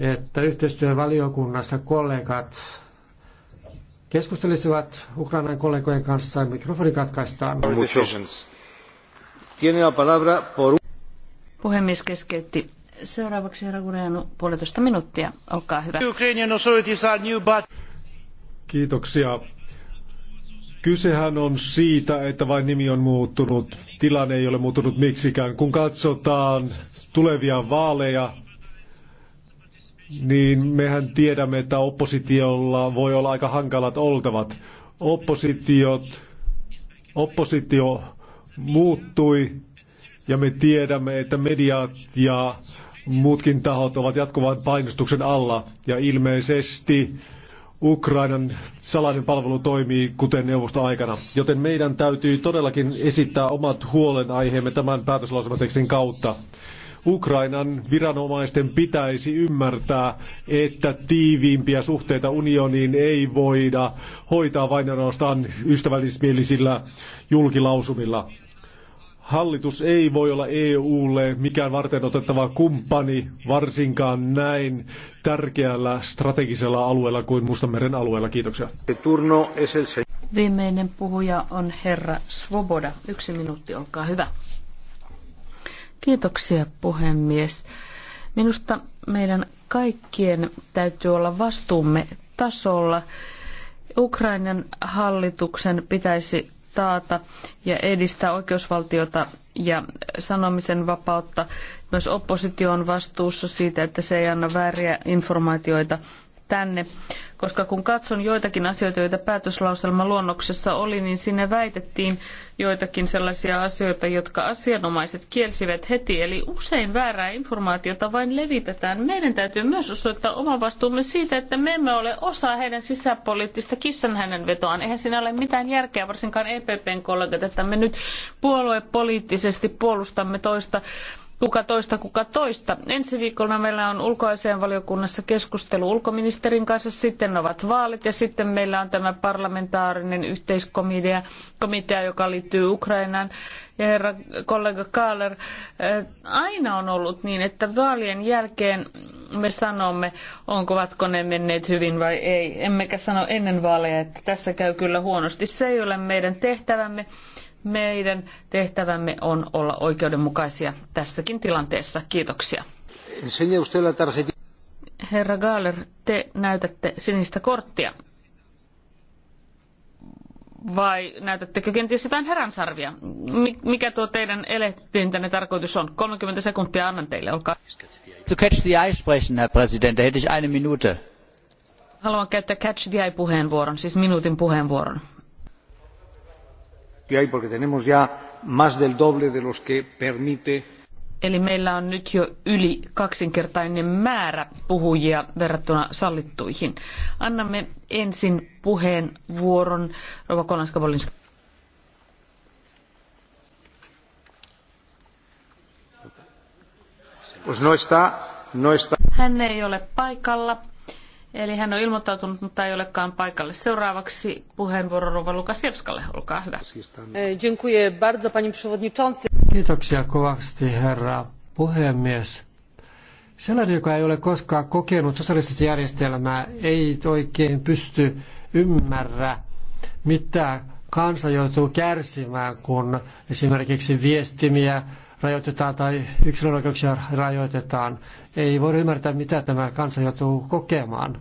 että yhteistyövaliokunnassa kollegat keskustelisivat Ukrainan kollegojen kanssa. Mikrofoni katkaistaan. Puhemies keskeytti. Seuraavaksi herra Gureanu, puolitoista minuuttia. Olkaa hyvä. Kiitoksia. Kysehän on siitä, että vain nimi on muuttunut. Tilanne ei ole muuttunut miksikään. Kun katsotaan tulevia vaaleja, niin mehän tiedämme, että oppositiolla voi olla aika hankalat oltavat. Oppositiot, oppositio muuttui ja me tiedämme, että mediat ja muutkin tahot ovat jatkuvan painostuksen alla ja ilmeisesti Ukrainan salainen palvelu toimii kuten neuvostoaikana, joten meidän täytyy todellakin esittää omat huolenaiheemme tämän päätöslausumateksin kautta. Ukrainan viranomaisten pitäisi ymmärtää, että tiiviimpiä suhteita unioniin ei voida hoitaa vain ainoastaan ystävällismielisillä julkilausumilla. Hallitus ei voi olla EUlle mikään varten otettava kumppani, varsinkaan näin tärkeällä strategisella alueella kuin Mustanmeren alueella. Kiitoksia. Viimeinen puhuja on herra Svoboda. Yksi minuutti, olkaa hyvä. Kiitoksia puhemies. Minusta meidän kaikkien täytyy olla vastuumme tasolla. Ukrainan hallituksen pitäisi taata ja edistää oikeusvaltiota ja sanomisen vapautta. Myös oppositio on vastuussa siitä, että se ei anna vääriä informaatioita tänne koska kun katson joitakin asioita, joita päätöslauselma luonnoksessa oli, niin siinä väitettiin joitakin sellaisia asioita, jotka asianomaiset kielsivät heti. Eli usein väärää informaatiota vain levitetään. Meidän täytyy myös osoittaa oma vastuumme siitä, että me emme ole osa heidän sisäpoliittista hänen vetoaan. Eihän siinä ole mitään järkeä, varsinkaan EPPn kollegat, että me nyt puoluepoliittisesti puolustamme toista kuka toista, kuka toista. Ensi viikolla meillä on ulkoasianvaliokunnassa keskustelu ulkoministerin kanssa, sitten ovat vaalit ja sitten meillä on tämä parlamentaarinen yhteiskomitea, komitea, joka liittyy Ukrainaan. Ja herra kollega Kaaler, eh, aina on ollut niin, että vaalien jälkeen me sanomme, onko ne menneet hyvin vai ei. Emmekä sano ennen vaaleja, että tässä käy kyllä huonosti. Se ei ole meidän tehtävämme. Meidän tehtävämme on olla oikeudenmukaisia tässäkin tilanteessa. Kiitoksia. Herra Gaaler, te näytätte sinistä korttia. Vai näytättekö kenties jotain herransarvia? Mikä tuo teidän elehtintänne tarkoitus on? 30 sekuntia annan teille, olkaa. To catch the eye sprechen, Herr Präsident, da hätte ich eine Minute. Haluan käyttää catch the eye puheenvuoron, siis minuutin puheenvuoron que hay, porque tenemos ya más del doble de los que permite. Eli meillä on nyt jo yli kaksinkertainen määrä puhujia verrattuna sallittuihin. Annamme ensin puheenvuoron Rova Kolanska-Bolinska. No no Hän ei ole paikalla. Eli hän on ilmoittautunut, mutta ei olekaan paikalle. Seuraavaksi puheenvuoro Rova Lukasiewskalle. Olkaa hyvä. Kiitoksia kovasti, herra puhemies. Sellainen, joka ei ole koskaan kokenut sosiaalista järjestelmää, ei oikein pysty ymmärrä, mitä kansa joutuu kärsimään, kun esimerkiksi viestimiä rajoitetaan tai yksilön oikeuksia rajoitetaan ei voi ymmärtää, mitä tämä kansa joutuu kokemaan.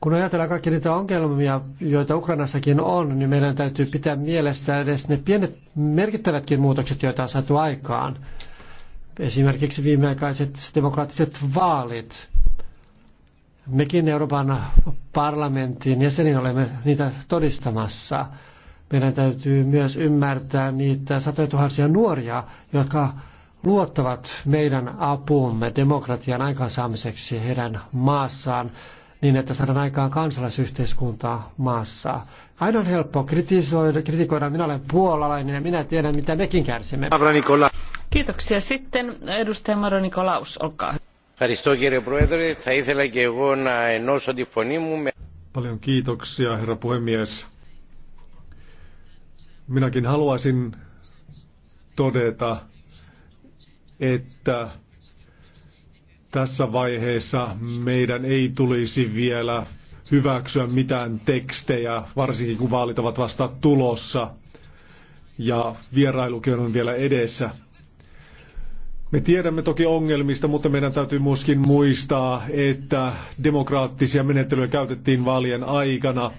Kun ajatellaan kaikki niitä ongelmia, joita Ukrainassakin on, niin meidän täytyy pitää mielessä edes ne pienet merkittävätkin muutokset, joita on saatu aikaan. Esimerkiksi viimeaikaiset demokraattiset vaalit. Mekin Euroopan parlamentin jäsenin olemme niitä todistamassa. Meidän täytyy myös ymmärtää niitä satoja tuhansia nuoria, jotka luottavat meidän apuumme demokratian aikaansaamiseksi heidän maassaan niin, että saadaan aikaan kansalaisyhteiskuntaa maassa. Aina on helppo kritisoida, kritikoida. Minä olen puolalainen ja minä tiedän, mitä mekin kärsimme. Kiitoksia. Sitten edustaja Maro Nikolaus, olkaa hyvä. Paljon kiitoksia, herra puhemies. Minäkin haluaisin todeta, että tässä vaiheessa meidän ei tulisi vielä hyväksyä mitään tekstejä, varsinkin kun vaalit ovat vasta tulossa ja vierailukin on vielä edessä. Me tiedämme toki ongelmista, mutta meidän täytyy myöskin muistaa, että demokraattisia menettelyjä käytettiin vaalien aikana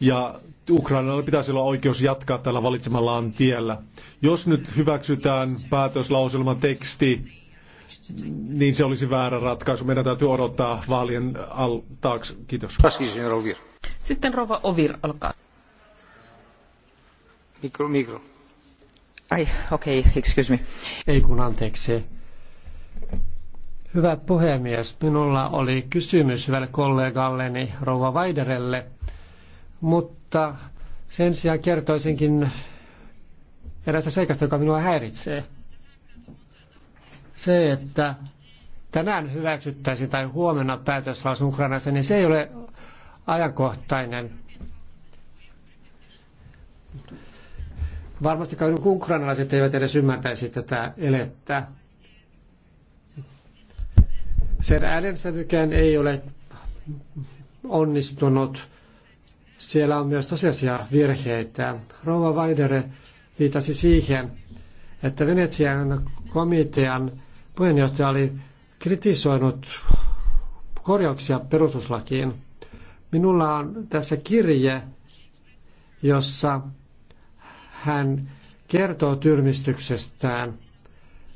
ja Ukrainalla pitäisi olla oikeus jatkaa tällä valitsemallaan tiellä. Jos nyt hyväksytään päätöslauselman teksti, niin se olisi väärä ratkaisu. Meidän täytyy odottaa vaalien al- taakse. Kiitos. Sitten Rova Ovir, alkaa. Mikro, mikro. Ai, okei, okay, excuse me. Ei kun anteeksi. Hyvä puhemies, minulla oli kysymys hyvälle kollegalleni Rova Vaiderelle – mutta sen sijaan kertoisinkin erästä seikasta, joka minua häiritsee. Se, että tänään hyväksyttäisiin tai huomenna päätöslaus Ukrainassa, niin se ei ole ajankohtainen. Varmasti ukrainalaiset eivät edes ymmärtäisi tätä elettä. Sen äänensävykään ei ole onnistunut siellä on myös tosiasia virheitä. Rova Vaidere viitasi siihen, että Venetsian komitean puheenjohtaja oli kritisoinut korjauksia perustuslakiin. Minulla on tässä kirje, jossa hän kertoo tyrmistyksestään,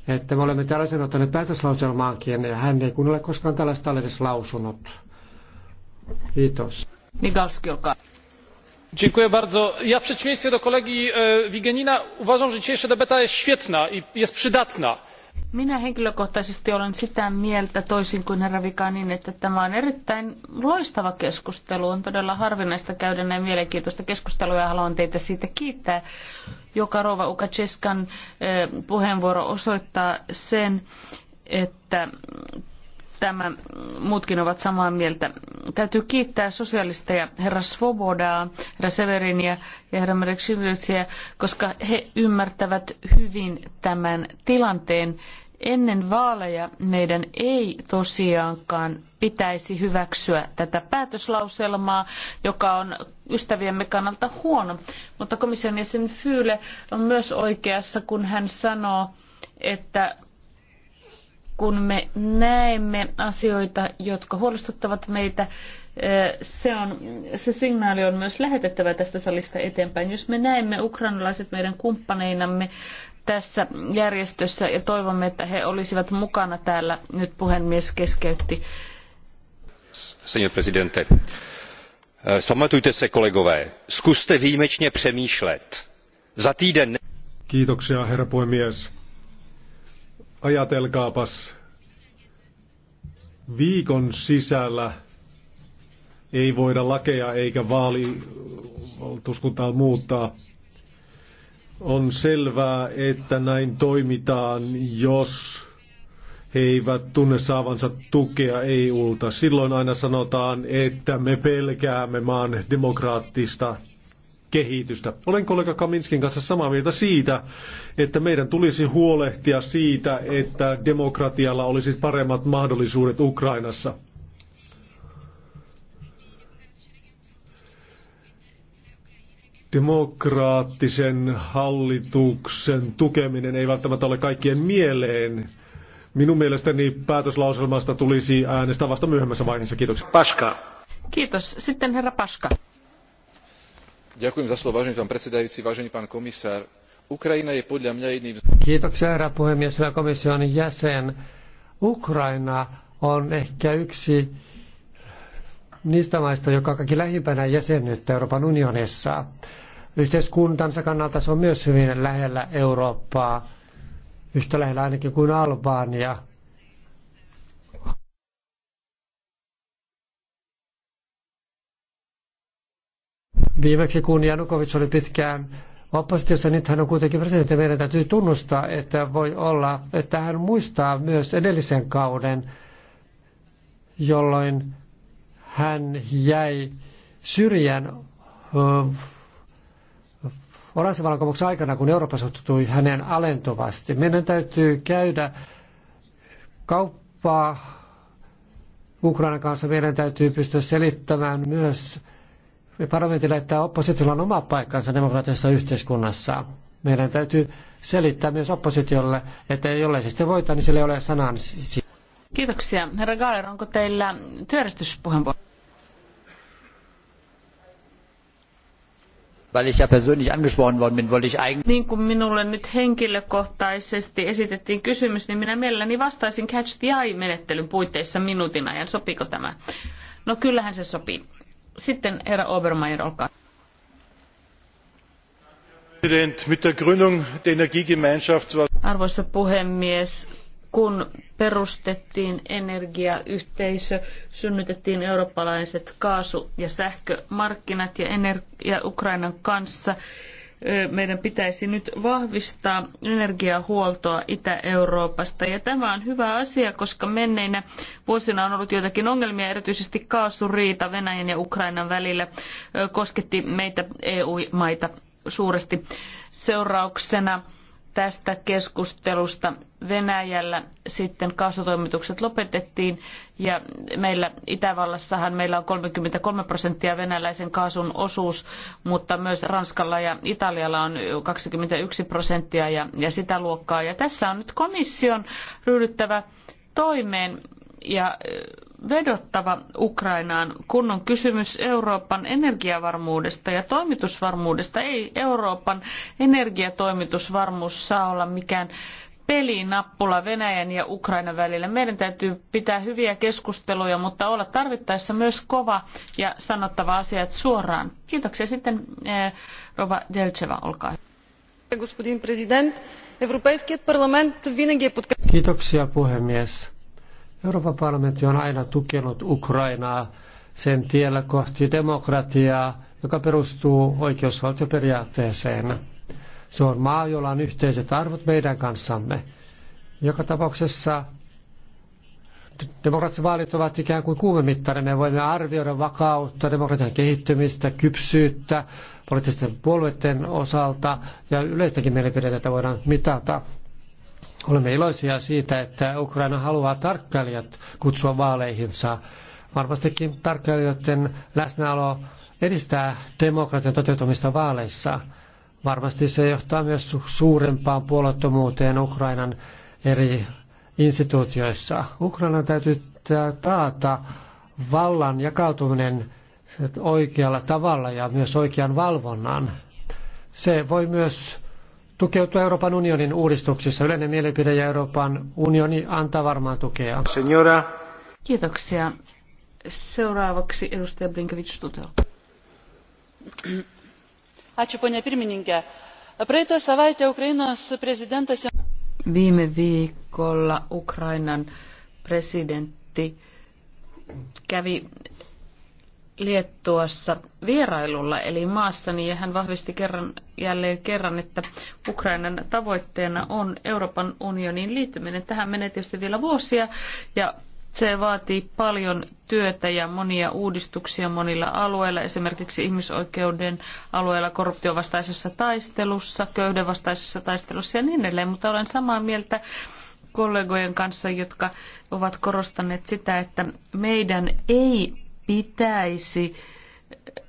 että me olemme tällaisen ottaneet päätöslauselmaankin ja hän ei kuunnella koskaan tällaista ole edes lausunut. Kiitos. Migalski, olkaa ja w przeciwieństwie do kolegi vigenina e, uważam że dzisiejsza debata jest świetna i jest przydatna. Minä henkilökohtaisesti olen sitä mieltä, toisin kuin herra Vikanin, että tämä on erittäin loistava keskustelu. On todella harvinaista käydä näin mielenkiintoista keskustelua ja haluan teitä siitä kiittää. Joka Rova Ukacheskan e, puheenvuoro osoittaa sen, että tämä muutkin ovat samaa mieltä. Täytyy kiittää sosialisteja herra Svobodaa, herra Severinia ja herra Mereksilytsiä, koska he ymmärtävät hyvin tämän tilanteen. Ennen vaaleja meidän ei tosiaankaan pitäisi hyväksyä tätä päätöslauselmaa, joka on ystäviemme kannalta huono. Mutta komission jäsen Fyyle on myös oikeassa, kun hän sanoo, että kun me näemme asioita, jotka huolestuttavat meitä, eh, se, on, se signaali on myös lähetettävä tästä salista eteenpäin. Jos me näemme ukrainalaiset meidän kumppaneinamme tässä järjestössä ja toivomme, että he olisivat mukana täällä, nyt puhemies keskeytti. Señor presidente, eh, Pamatujte se, kolegové, zkuste výjimečně přemýšlet. Za týden... Kiitoksia, herra puhemies Ajatelkaapas, viikon sisällä ei voida lakeja eikä vaalivaltuuskuntaa muuttaa. On selvää, että näin toimitaan, jos he eivät tunne saavansa tukea EUlta. Silloin aina sanotaan, että me pelkäämme maan demokraattista kehitystä. Olen kollega Kaminskin kanssa samaa mieltä siitä, että meidän tulisi huolehtia siitä, että demokratialla olisi paremmat mahdollisuudet Ukrainassa. Demokraattisen hallituksen tukeminen ei välttämättä ole kaikkien mieleen. Minun mielestäni päätöslauselmasta tulisi äänestää vasta myöhemmässä vaiheessa. Kiitoksia. Paska. Kiitos. Sitten herra Paska ukraina je podľa mňa jedným Kiitoksia herra puhemies, hyvä komission jäsen. Ukraina on ehkä yksi niistä maista, joka on kaikki lähimpänä jäsenyyttä Euroopan unionissa. Yhteiskuntansa kannalta se on myös hyvin lähellä Eurooppaa, yhtä lähellä ainakin kuin Albania – Viimeksi kun Janukovic oli pitkään oppositiossa, nyt hän on kuitenkin presidentti. Meidän täytyy tunnustaa, että voi olla, että hän muistaa myös edellisen kauden, jolloin hän jäi syrjään Oranssien vallankumouksen aikana, kun Eurooppa suhtutui hänen alentuvasti. Meidän täytyy käydä kauppaa Ukrainan kanssa. Meidän täytyy pystyä selittämään myös parlamentilla että oppositiolla on oma paikkansa demokraattisessa yhteiskunnassa. Meidän täytyy selittää myös oppositiolle, että jollei se sitten voita, niin sillä ei ole sanan. Kiitoksia. Herra Gaaler, onko teillä työjärjestyspuheenvuoro? weil ich ja persönlich angesprochen worden bin, wollte ich eigentlich... Niin kuin minulle nyt henkilökohtaisesti esitettiin kysymys, niin minä mielelläni vastaisin Catch the Eye-menettelyn puitteissa minuutin ajan. Sopiiko tämä? No kyllähän se sopii. Sitten herra Obermeier, olkaa Arvoisa puhemies, kun perustettiin energiayhteisö, synnytettiin eurooppalaiset kaasu- ja sähkömarkkinat ja, energia Ukrainan kanssa meidän pitäisi nyt vahvistaa energiahuoltoa Itä-Euroopasta. Ja tämä on hyvä asia, koska menneinä vuosina on ollut joitakin ongelmia, erityisesti kaasuriita Venäjän ja Ukrainan välillä kosketti meitä EU-maita suuresti seurauksena tästä keskustelusta Venäjällä sitten kaasutoimitukset lopetettiin ja meillä Itävallassahan meillä on 33 prosenttia venäläisen kaasun osuus, mutta myös Ranskalla ja Italialla on 21 prosenttia ja, ja sitä luokkaa. Ja tässä on nyt komission ryhdyttävä toimeen ja vedottava Ukrainaan, kun on kysymys Euroopan energiavarmuudesta ja toimitusvarmuudesta. Ei Euroopan energiatoimitusvarmuus saa olla mikään pelinappula Venäjän ja Ukrainan välillä. Meidän täytyy pitää hyviä keskusteluja, mutta olla tarvittaessa myös kova ja sanottava asiat suoraan. Kiitoksia sitten eh, Rova Deltseva, olkaa hyvä. Kiitoksia puhemies. Euroopan parlamentti on aina tukenut Ukrainaa sen tiellä kohti demokratiaa, joka perustuu oikeusvaltioperiaatteeseen. Se on maa, jolla on yhteiset arvot meidän kanssamme. Joka tapauksessa demokraattiset vaalit ovat ikään kuin kuumemittainen. Me voimme arvioida vakautta, demokratian kehittymistä, kypsyyttä poliittisten puolueiden osalta ja yleistäkin mielipidettä voidaan mitata. Olemme iloisia siitä, että Ukraina haluaa tarkkailijat kutsua vaaleihinsa. Varmastikin tarkkailijoiden läsnäolo edistää demokratian toteutumista vaaleissa. Varmasti se johtaa myös suurempaan puolottomuuteen Ukrainan eri instituutioissa. Ukrainan täytyy taata vallan jakautuminen oikealla tavalla ja myös oikean valvonnan. Se voi myös tukeutua Euroopan unionin uudistuksissa. Yleinen mielipide ja Euroopan unioni antaa varmaan tukea. Senora. Kiitoksia. Seuraavaksi edustaja Blinkevich Tutel. Ačiū, ponia pirmininkė. Praeitą savaitę Ukrainos presidentas... Viime viikolla Ukrainan presidentti kävi Liettuassa vierailulla, eli maassani, niin hän vahvisti kerran, jälleen kerran, että Ukrainan tavoitteena on Euroopan unionin liittyminen. Tähän menee tietysti vielä vuosia, ja se vaatii paljon työtä ja monia uudistuksia monilla alueilla, esimerkiksi ihmisoikeuden alueella, korruptiovastaisessa taistelussa, köydenvastaisessa taistelussa ja niin edelleen, mutta olen samaa mieltä kollegojen kanssa, jotka ovat korostaneet sitä, että meidän ei pitäisi eh,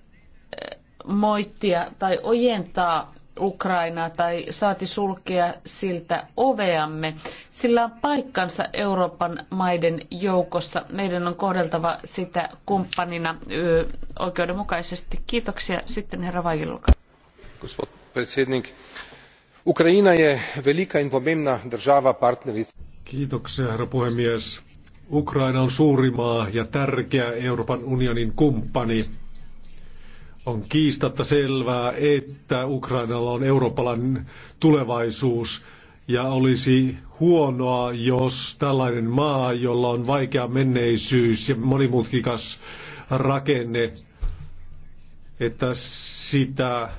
moittia tai ojentaa Ukrainaa tai saati sulkea siltä oveamme. Sillä on paikkansa Euroopan maiden joukossa. Meidän on kohdeltava sitä kumppanina eh, oikeudenmukaisesti. Kiitoksia. Sitten herra Vajilulka. Ukraina je velika in pomembna država partnerica. Kiitoksia herra puhemies. Ukraina on suuri maa ja tärkeä Euroopan unionin kumppani. On kiistatta selvää, että Ukrainalla on eurooppalainen tulevaisuus ja olisi huonoa, jos tällainen maa, jolla on vaikea menneisyys ja monimutkikas rakenne, että sitä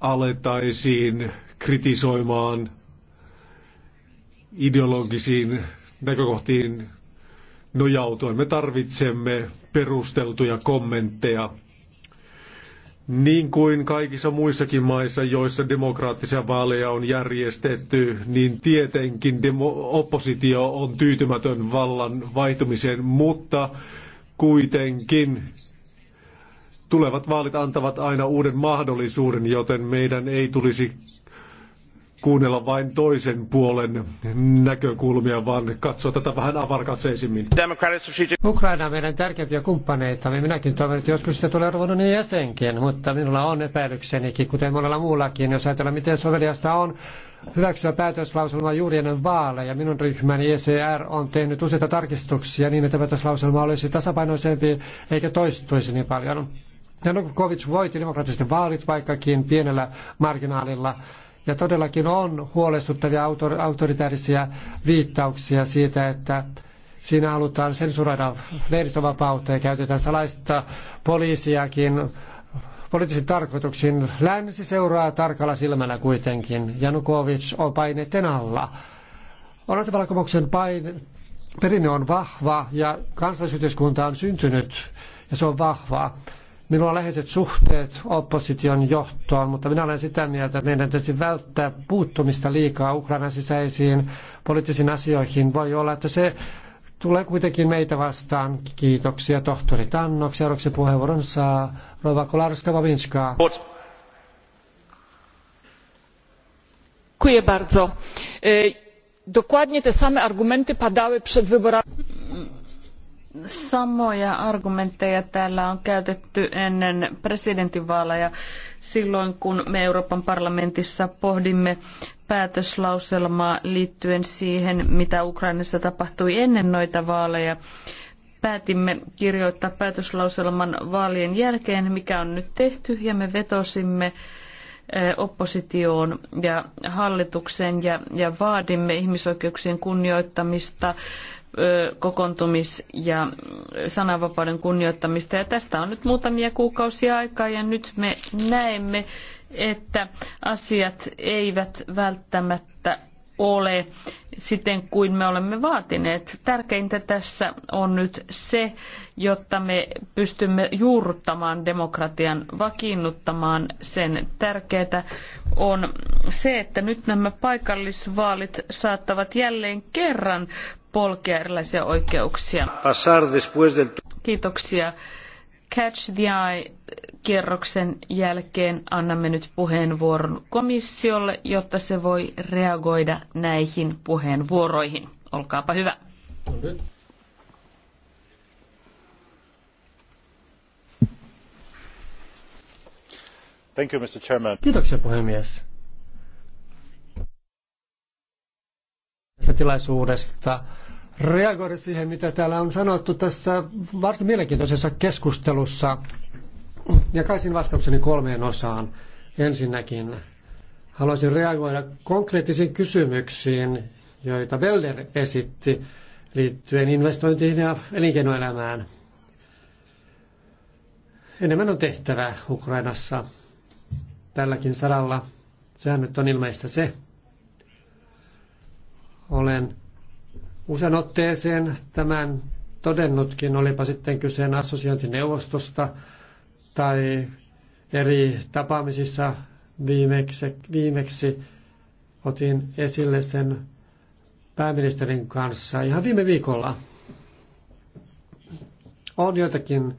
aletaisiin kritisoimaan ideologisiin näkökohtiin nojautuen. Me tarvitsemme perusteltuja kommentteja. Niin kuin kaikissa muissakin maissa, joissa demokraattisia vaaleja on järjestetty, niin tietenkin demo- oppositio on tyytymätön vallan vaihtumiseen, mutta kuitenkin tulevat vaalit antavat aina uuden mahdollisuuden, joten meidän ei tulisi kuunnella vain toisen puolen näkökulmia, vaan katsoa tätä vähän avarkatseisimmin. Ukraina on meidän tärkeimpiä kumppaneita. Minäkin toivon, että joskus sitä tulee Ruodonin jäsenkin, mutta minulla on epäilyksenikin, kuten monella muullakin, jos ajatellaan, miten soveliasta on hyväksyä päätöslauselma juuri ennen vaaleja. Minun ryhmäni ECR on tehnyt useita tarkistuksia niin, että päätöslauselma olisi tasapainoisempi eikä toistuisi niin paljon. Janukovic voitti demokraattisten vaalit vaikkakin pienellä marginaalilla ja todellakin on huolestuttavia autor, autoritäärisiä viittauksia siitä, että siinä halutaan sensuroida lehdistönvapautta ja käytetään salaista poliisiakin poliittisiin tarkoituksiin. Länsi seuraa tarkalla silmällä kuitenkin. Janukovic on paineiden alla. oranssivalkomuksen paine, perinne on vahva ja kansallisyhteiskunta on syntynyt ja se on vahvaa. Minulla on läheiset suhteet opposition johtoon, mutta minä olen sitä mieltä, että meidän täytyy välttää puuttumista liikaa Ukrainan sisäisiin poliittisiin asioihin. Voi olla, että se tulee kuitenkin meitä vastaan. Kiitoksia tohtori Tanno, Seuraavaksi puheenvuoron saa Rova Kolarska-Wawińska. Dziękuję e, Dokładnie te same argumenty padały przed wyborami samoja argumentteja täällä on käytetty ennen presidentinvaaleja silloin, kun me Euroopan parlamentissa pohdimme päätöslauselmaa liittyen siihen, mitä Ukrainassa tapahtui ennen noita vaaleja. Päätimme kirjoittaa päätöslauselman vaalien jälkeen, mikä on nyt tehty, ja me vetosimme oppositioon ja hallitukseen ja, ja vaadimme ihmisoikeuksien kunnioittamista kokoontumis- ja sananvapauden kunnioittamista. Ja tästä on nyt muutamia kuukausia aikaa ja nyt me näemme, että asiat eivät välttämättä ole siten kuin me olemme vaatineet. Tärkeintä tässä on nyt se, jotta me pystymme juurruttamaan demokratian, vakiinnuttamaan sen. Tärkeää on se, että nyt nämä paikallisvaalit saattavat jälleen kerran polkea erilaisia oikeuksia. Kiitoksia. Catch the Eye-kierroksen jälkeen annamme nyt puheenvuoron komissiolle, jotta se voi reagoida näihin puheenvuoroihin. Olkaapa hyvä. Thank you, Mr. Chairman. Kiitoksia puhemies. Tästä tilaisuudesta reagoida siihen, mitä täällä on sanottu tässä varsin mielenkiintoisessa keskustelussa. Jakaisin vastaukseni kolmeen osaan. Ensinnäkin haluaisin reagoida konkreettisiin kysymyksiin, joita Welder esitti liittyen investointiin ja elinkeinoelämään. Enemmän on tehtävä Ukrainassa tälläkin saralla. Sehän nyt on ilmeistä se. Olen usean otteeseen tämän todennutkin, olipa sitten kyseen assosiointineuvostosta tai eri tapaamisissa viimeksi, viimeksi otin esille sen pääministerin kanssa ihan viime viikolla. On joitakin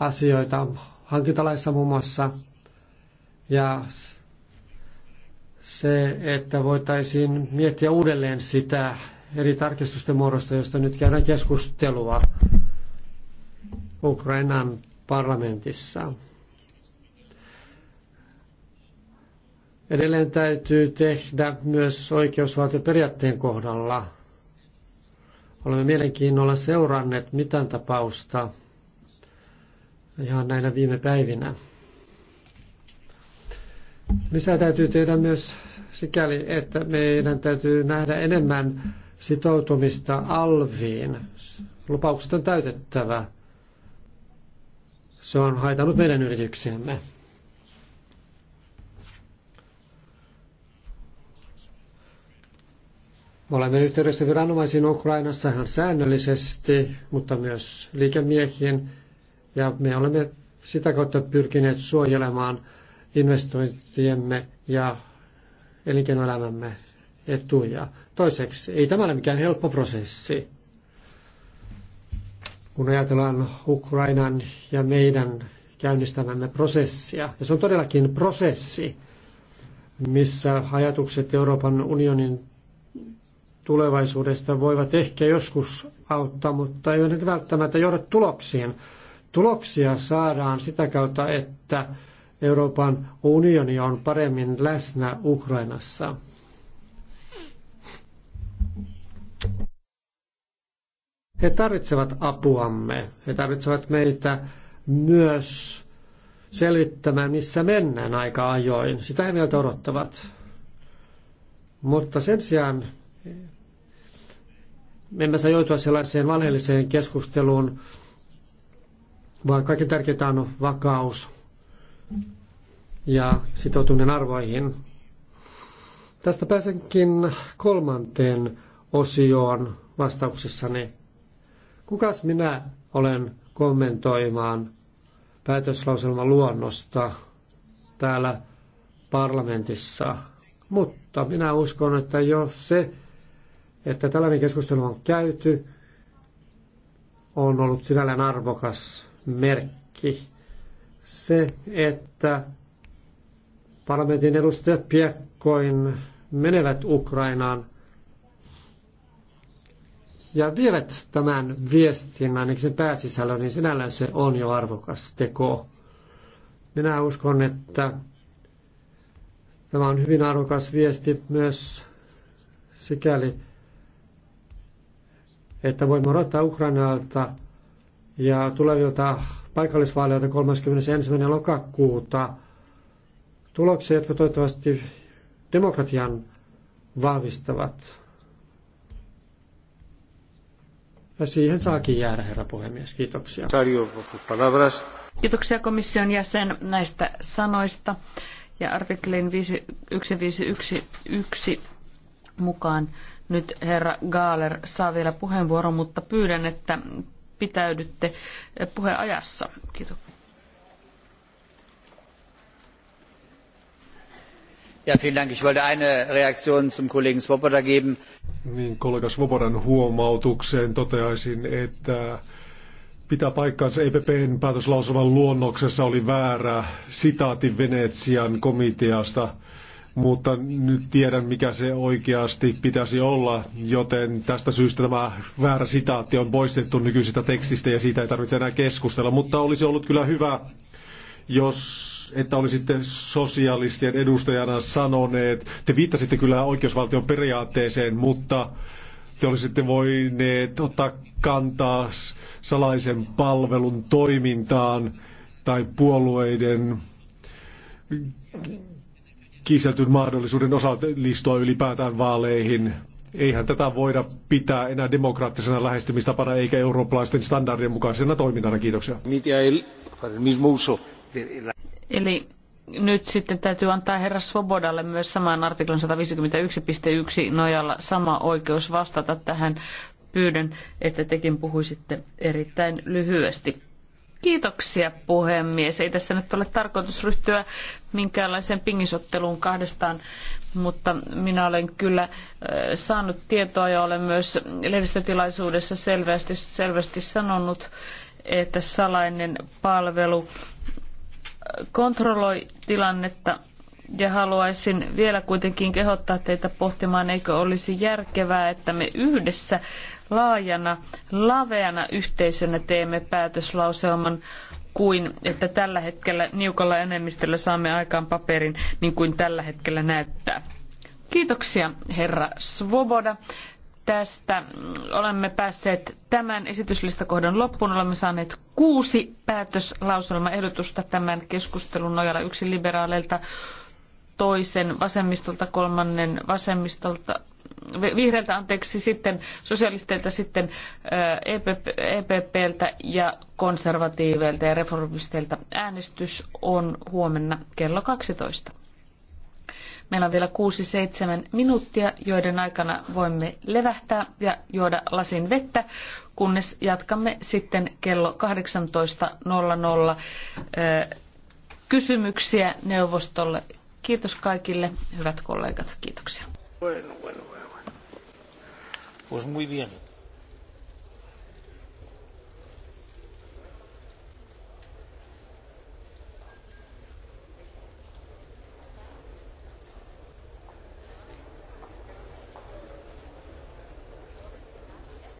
asioita hankintalaissa muun muassa ja se, että voitaisiin miettiä uudelleen sitä, eri tarkistusten muodosta, josta nyt käydään keskustelua Ukrainan parlamentissa. Edelleen täytyy tehdä myös oikeusvaltioperiaatteen kohdalla. Olemme mielenkiinnolla seuranneet mitään tapausta ihan näinä viime päivinä. Lisää täytyy tehdä myös sikäli, että meidän täytyy nähdä enemmän sitoutumista alviin. Lupaukset on täytettävä. Se on haitanut meidän yrityksiämme. Olemme yhteydessä viranomaisiin Ukrainassa ihan säännöllisesti, mutta myös liikemiehiin. Ja me olemme sitä kautta pyrkineet suojelemaan investointiemme ja elinkeinoelämämme etuja. Toiseksi, ei tämä ole mikään helppo prosessi. Kun ajatellaan Ukrainan ja meidän käynnistämämme prosessia, ja se on todellakin prosessi, missä ajatukset Euroopan unionin tulevaisuudesta voivat ehkä joskus auttaa, mutta ei nyt välttämättä johda tuloksiin. Tuloksia saadaan sitä kautta, että Euroopan unioni on paremmin läsnä Ukrainassa. He tarvitsevat apuamme. He tarvitsevat meitä myös selvittämään, missä mennään aika ajoin. Sitä he meiltä odottavat. Mutta sen sijaan me emme saa joutua sellaiseen valheelliseen keskusteluun, vaan kaiken tärkeintä on vakaus ja sitoutuminen arvoihin. Tästä pääsenkin kolmanteen osioon vastauksessani. Kukas minä olen kommentoimaan päätöslauselman luonnosta täällä parlamentissa? Mutta minä uskon, että jo se, että tällainen keskustelu on käyty, on ollut sinällään arvokas merkki. Se, että parlamentin edustajat piekkoin menevät Ukrainaan ja vievät tämän viestin ainakin sen pääsisällön, niin sinällään se on jo arvokas teko. Minä uskon, että tämä on hyvin arvokas viesti myös sikäli, että voimme odottaa Ukrainalta ja tulevilta paikallisvaaleilta 31. lokakuuta tuloksia, jotka toivottavasti demokratian vahvistavat siihen saakin jäädä, herra puhemies. Kiitoksia. Kiitoksia komission jäsen näistä sanoista. Ja artiklin 1511 mukaan nyt herra Gaaler saa vielä puheenvuoron, mutta pyydän, että pitäydytte puheajassa. Kiitos. Ich wollte eine Reaktion zum Kollegen Svoboda geben. Niin, kollega swobodan huomautukseen toteaisin, että pitää paikkaansa EPPn päätöslauselman luonnoksessa oli väärä sitaatti Venetsian komiteasta, mutta nyt tiedän mikä se oikeasti pitäisi olla, joten tästä syystä tämä väärä sitaatti on poistettu nykyisestä tekstistä ja siitä ei tarvitse enää keskustella, mutta olisi ollut kyllä hyvä jos että olisitte sosialistien edustajana sanoneet, te viittasitte kyllä oikeusvaltion periaatteeseen, mutta te olisitte voineet ottaa kantaa salaisen palvelun toimintaan tai puolueiden kiiseltyn mahdollisuuden osallistua ylipäätään vaaleihin. Eihän tätä voida pitää enää demokraattisena lähestymistapana eikä eurooppalaisten standardien mukaisena toimintana. Kiitoksia. Eli nyt sitten täytyy antaa herra Svobodalle myös saman artiklan 151.1 nojalla sama oikeus vastata tähän. Pyydän, että tekin puhuisitte erittäin lyhyesti. Kiitoksia puhemies. Ei tässä nyt ole tarkoitus ryhtyä minkäänlaiseen pingisotteluun kahdestaan, mutta minä olen kyllä äh, saanut tietoa ja olen myös lehdistötilaisuudessa selvästi, selvästi sanonut, että salainen palvelu kontrolloi tilannetta ja haluaisin vielä kuitenkin kehottaa teitä pohtimaan, eikö olisi järkevää, että me yhdessä laajana, laveana yhteisönä teemme päätöslauselman kuin että tällä hetkellä niukalla enemmistöllä saamme aikaan paperin, niin kuin tällä hetkellä näyttää. Kiitoksia, herra Svoboda tästä. Olemme päässeet tämän esityslistakohdan loppuun. Olemme saaneet kuusi päätöslauselmaehdotusta tämän keskustelun nojalla. Yksi liberaaleilta, toisen vasemmistolta, kolmannen vasemmistolta, vihreältä anteeksi, sitten sosialisteilta, sitten EPPltä e ja konservatiiveilta ja reformisteilta. Äänestys on huomenna kello 12. Meillä on vielä 6-7 minuuttia, joiden aikana voimme levähtää ja juoda lasin vettä, kunnes jatkamme sitten kello 18.00 kysymyksiä neuvostolle. Kiitos kaikille, hyvät kollegat, kiitoksia. Bueno, bueno, bueno. Pues muy bien.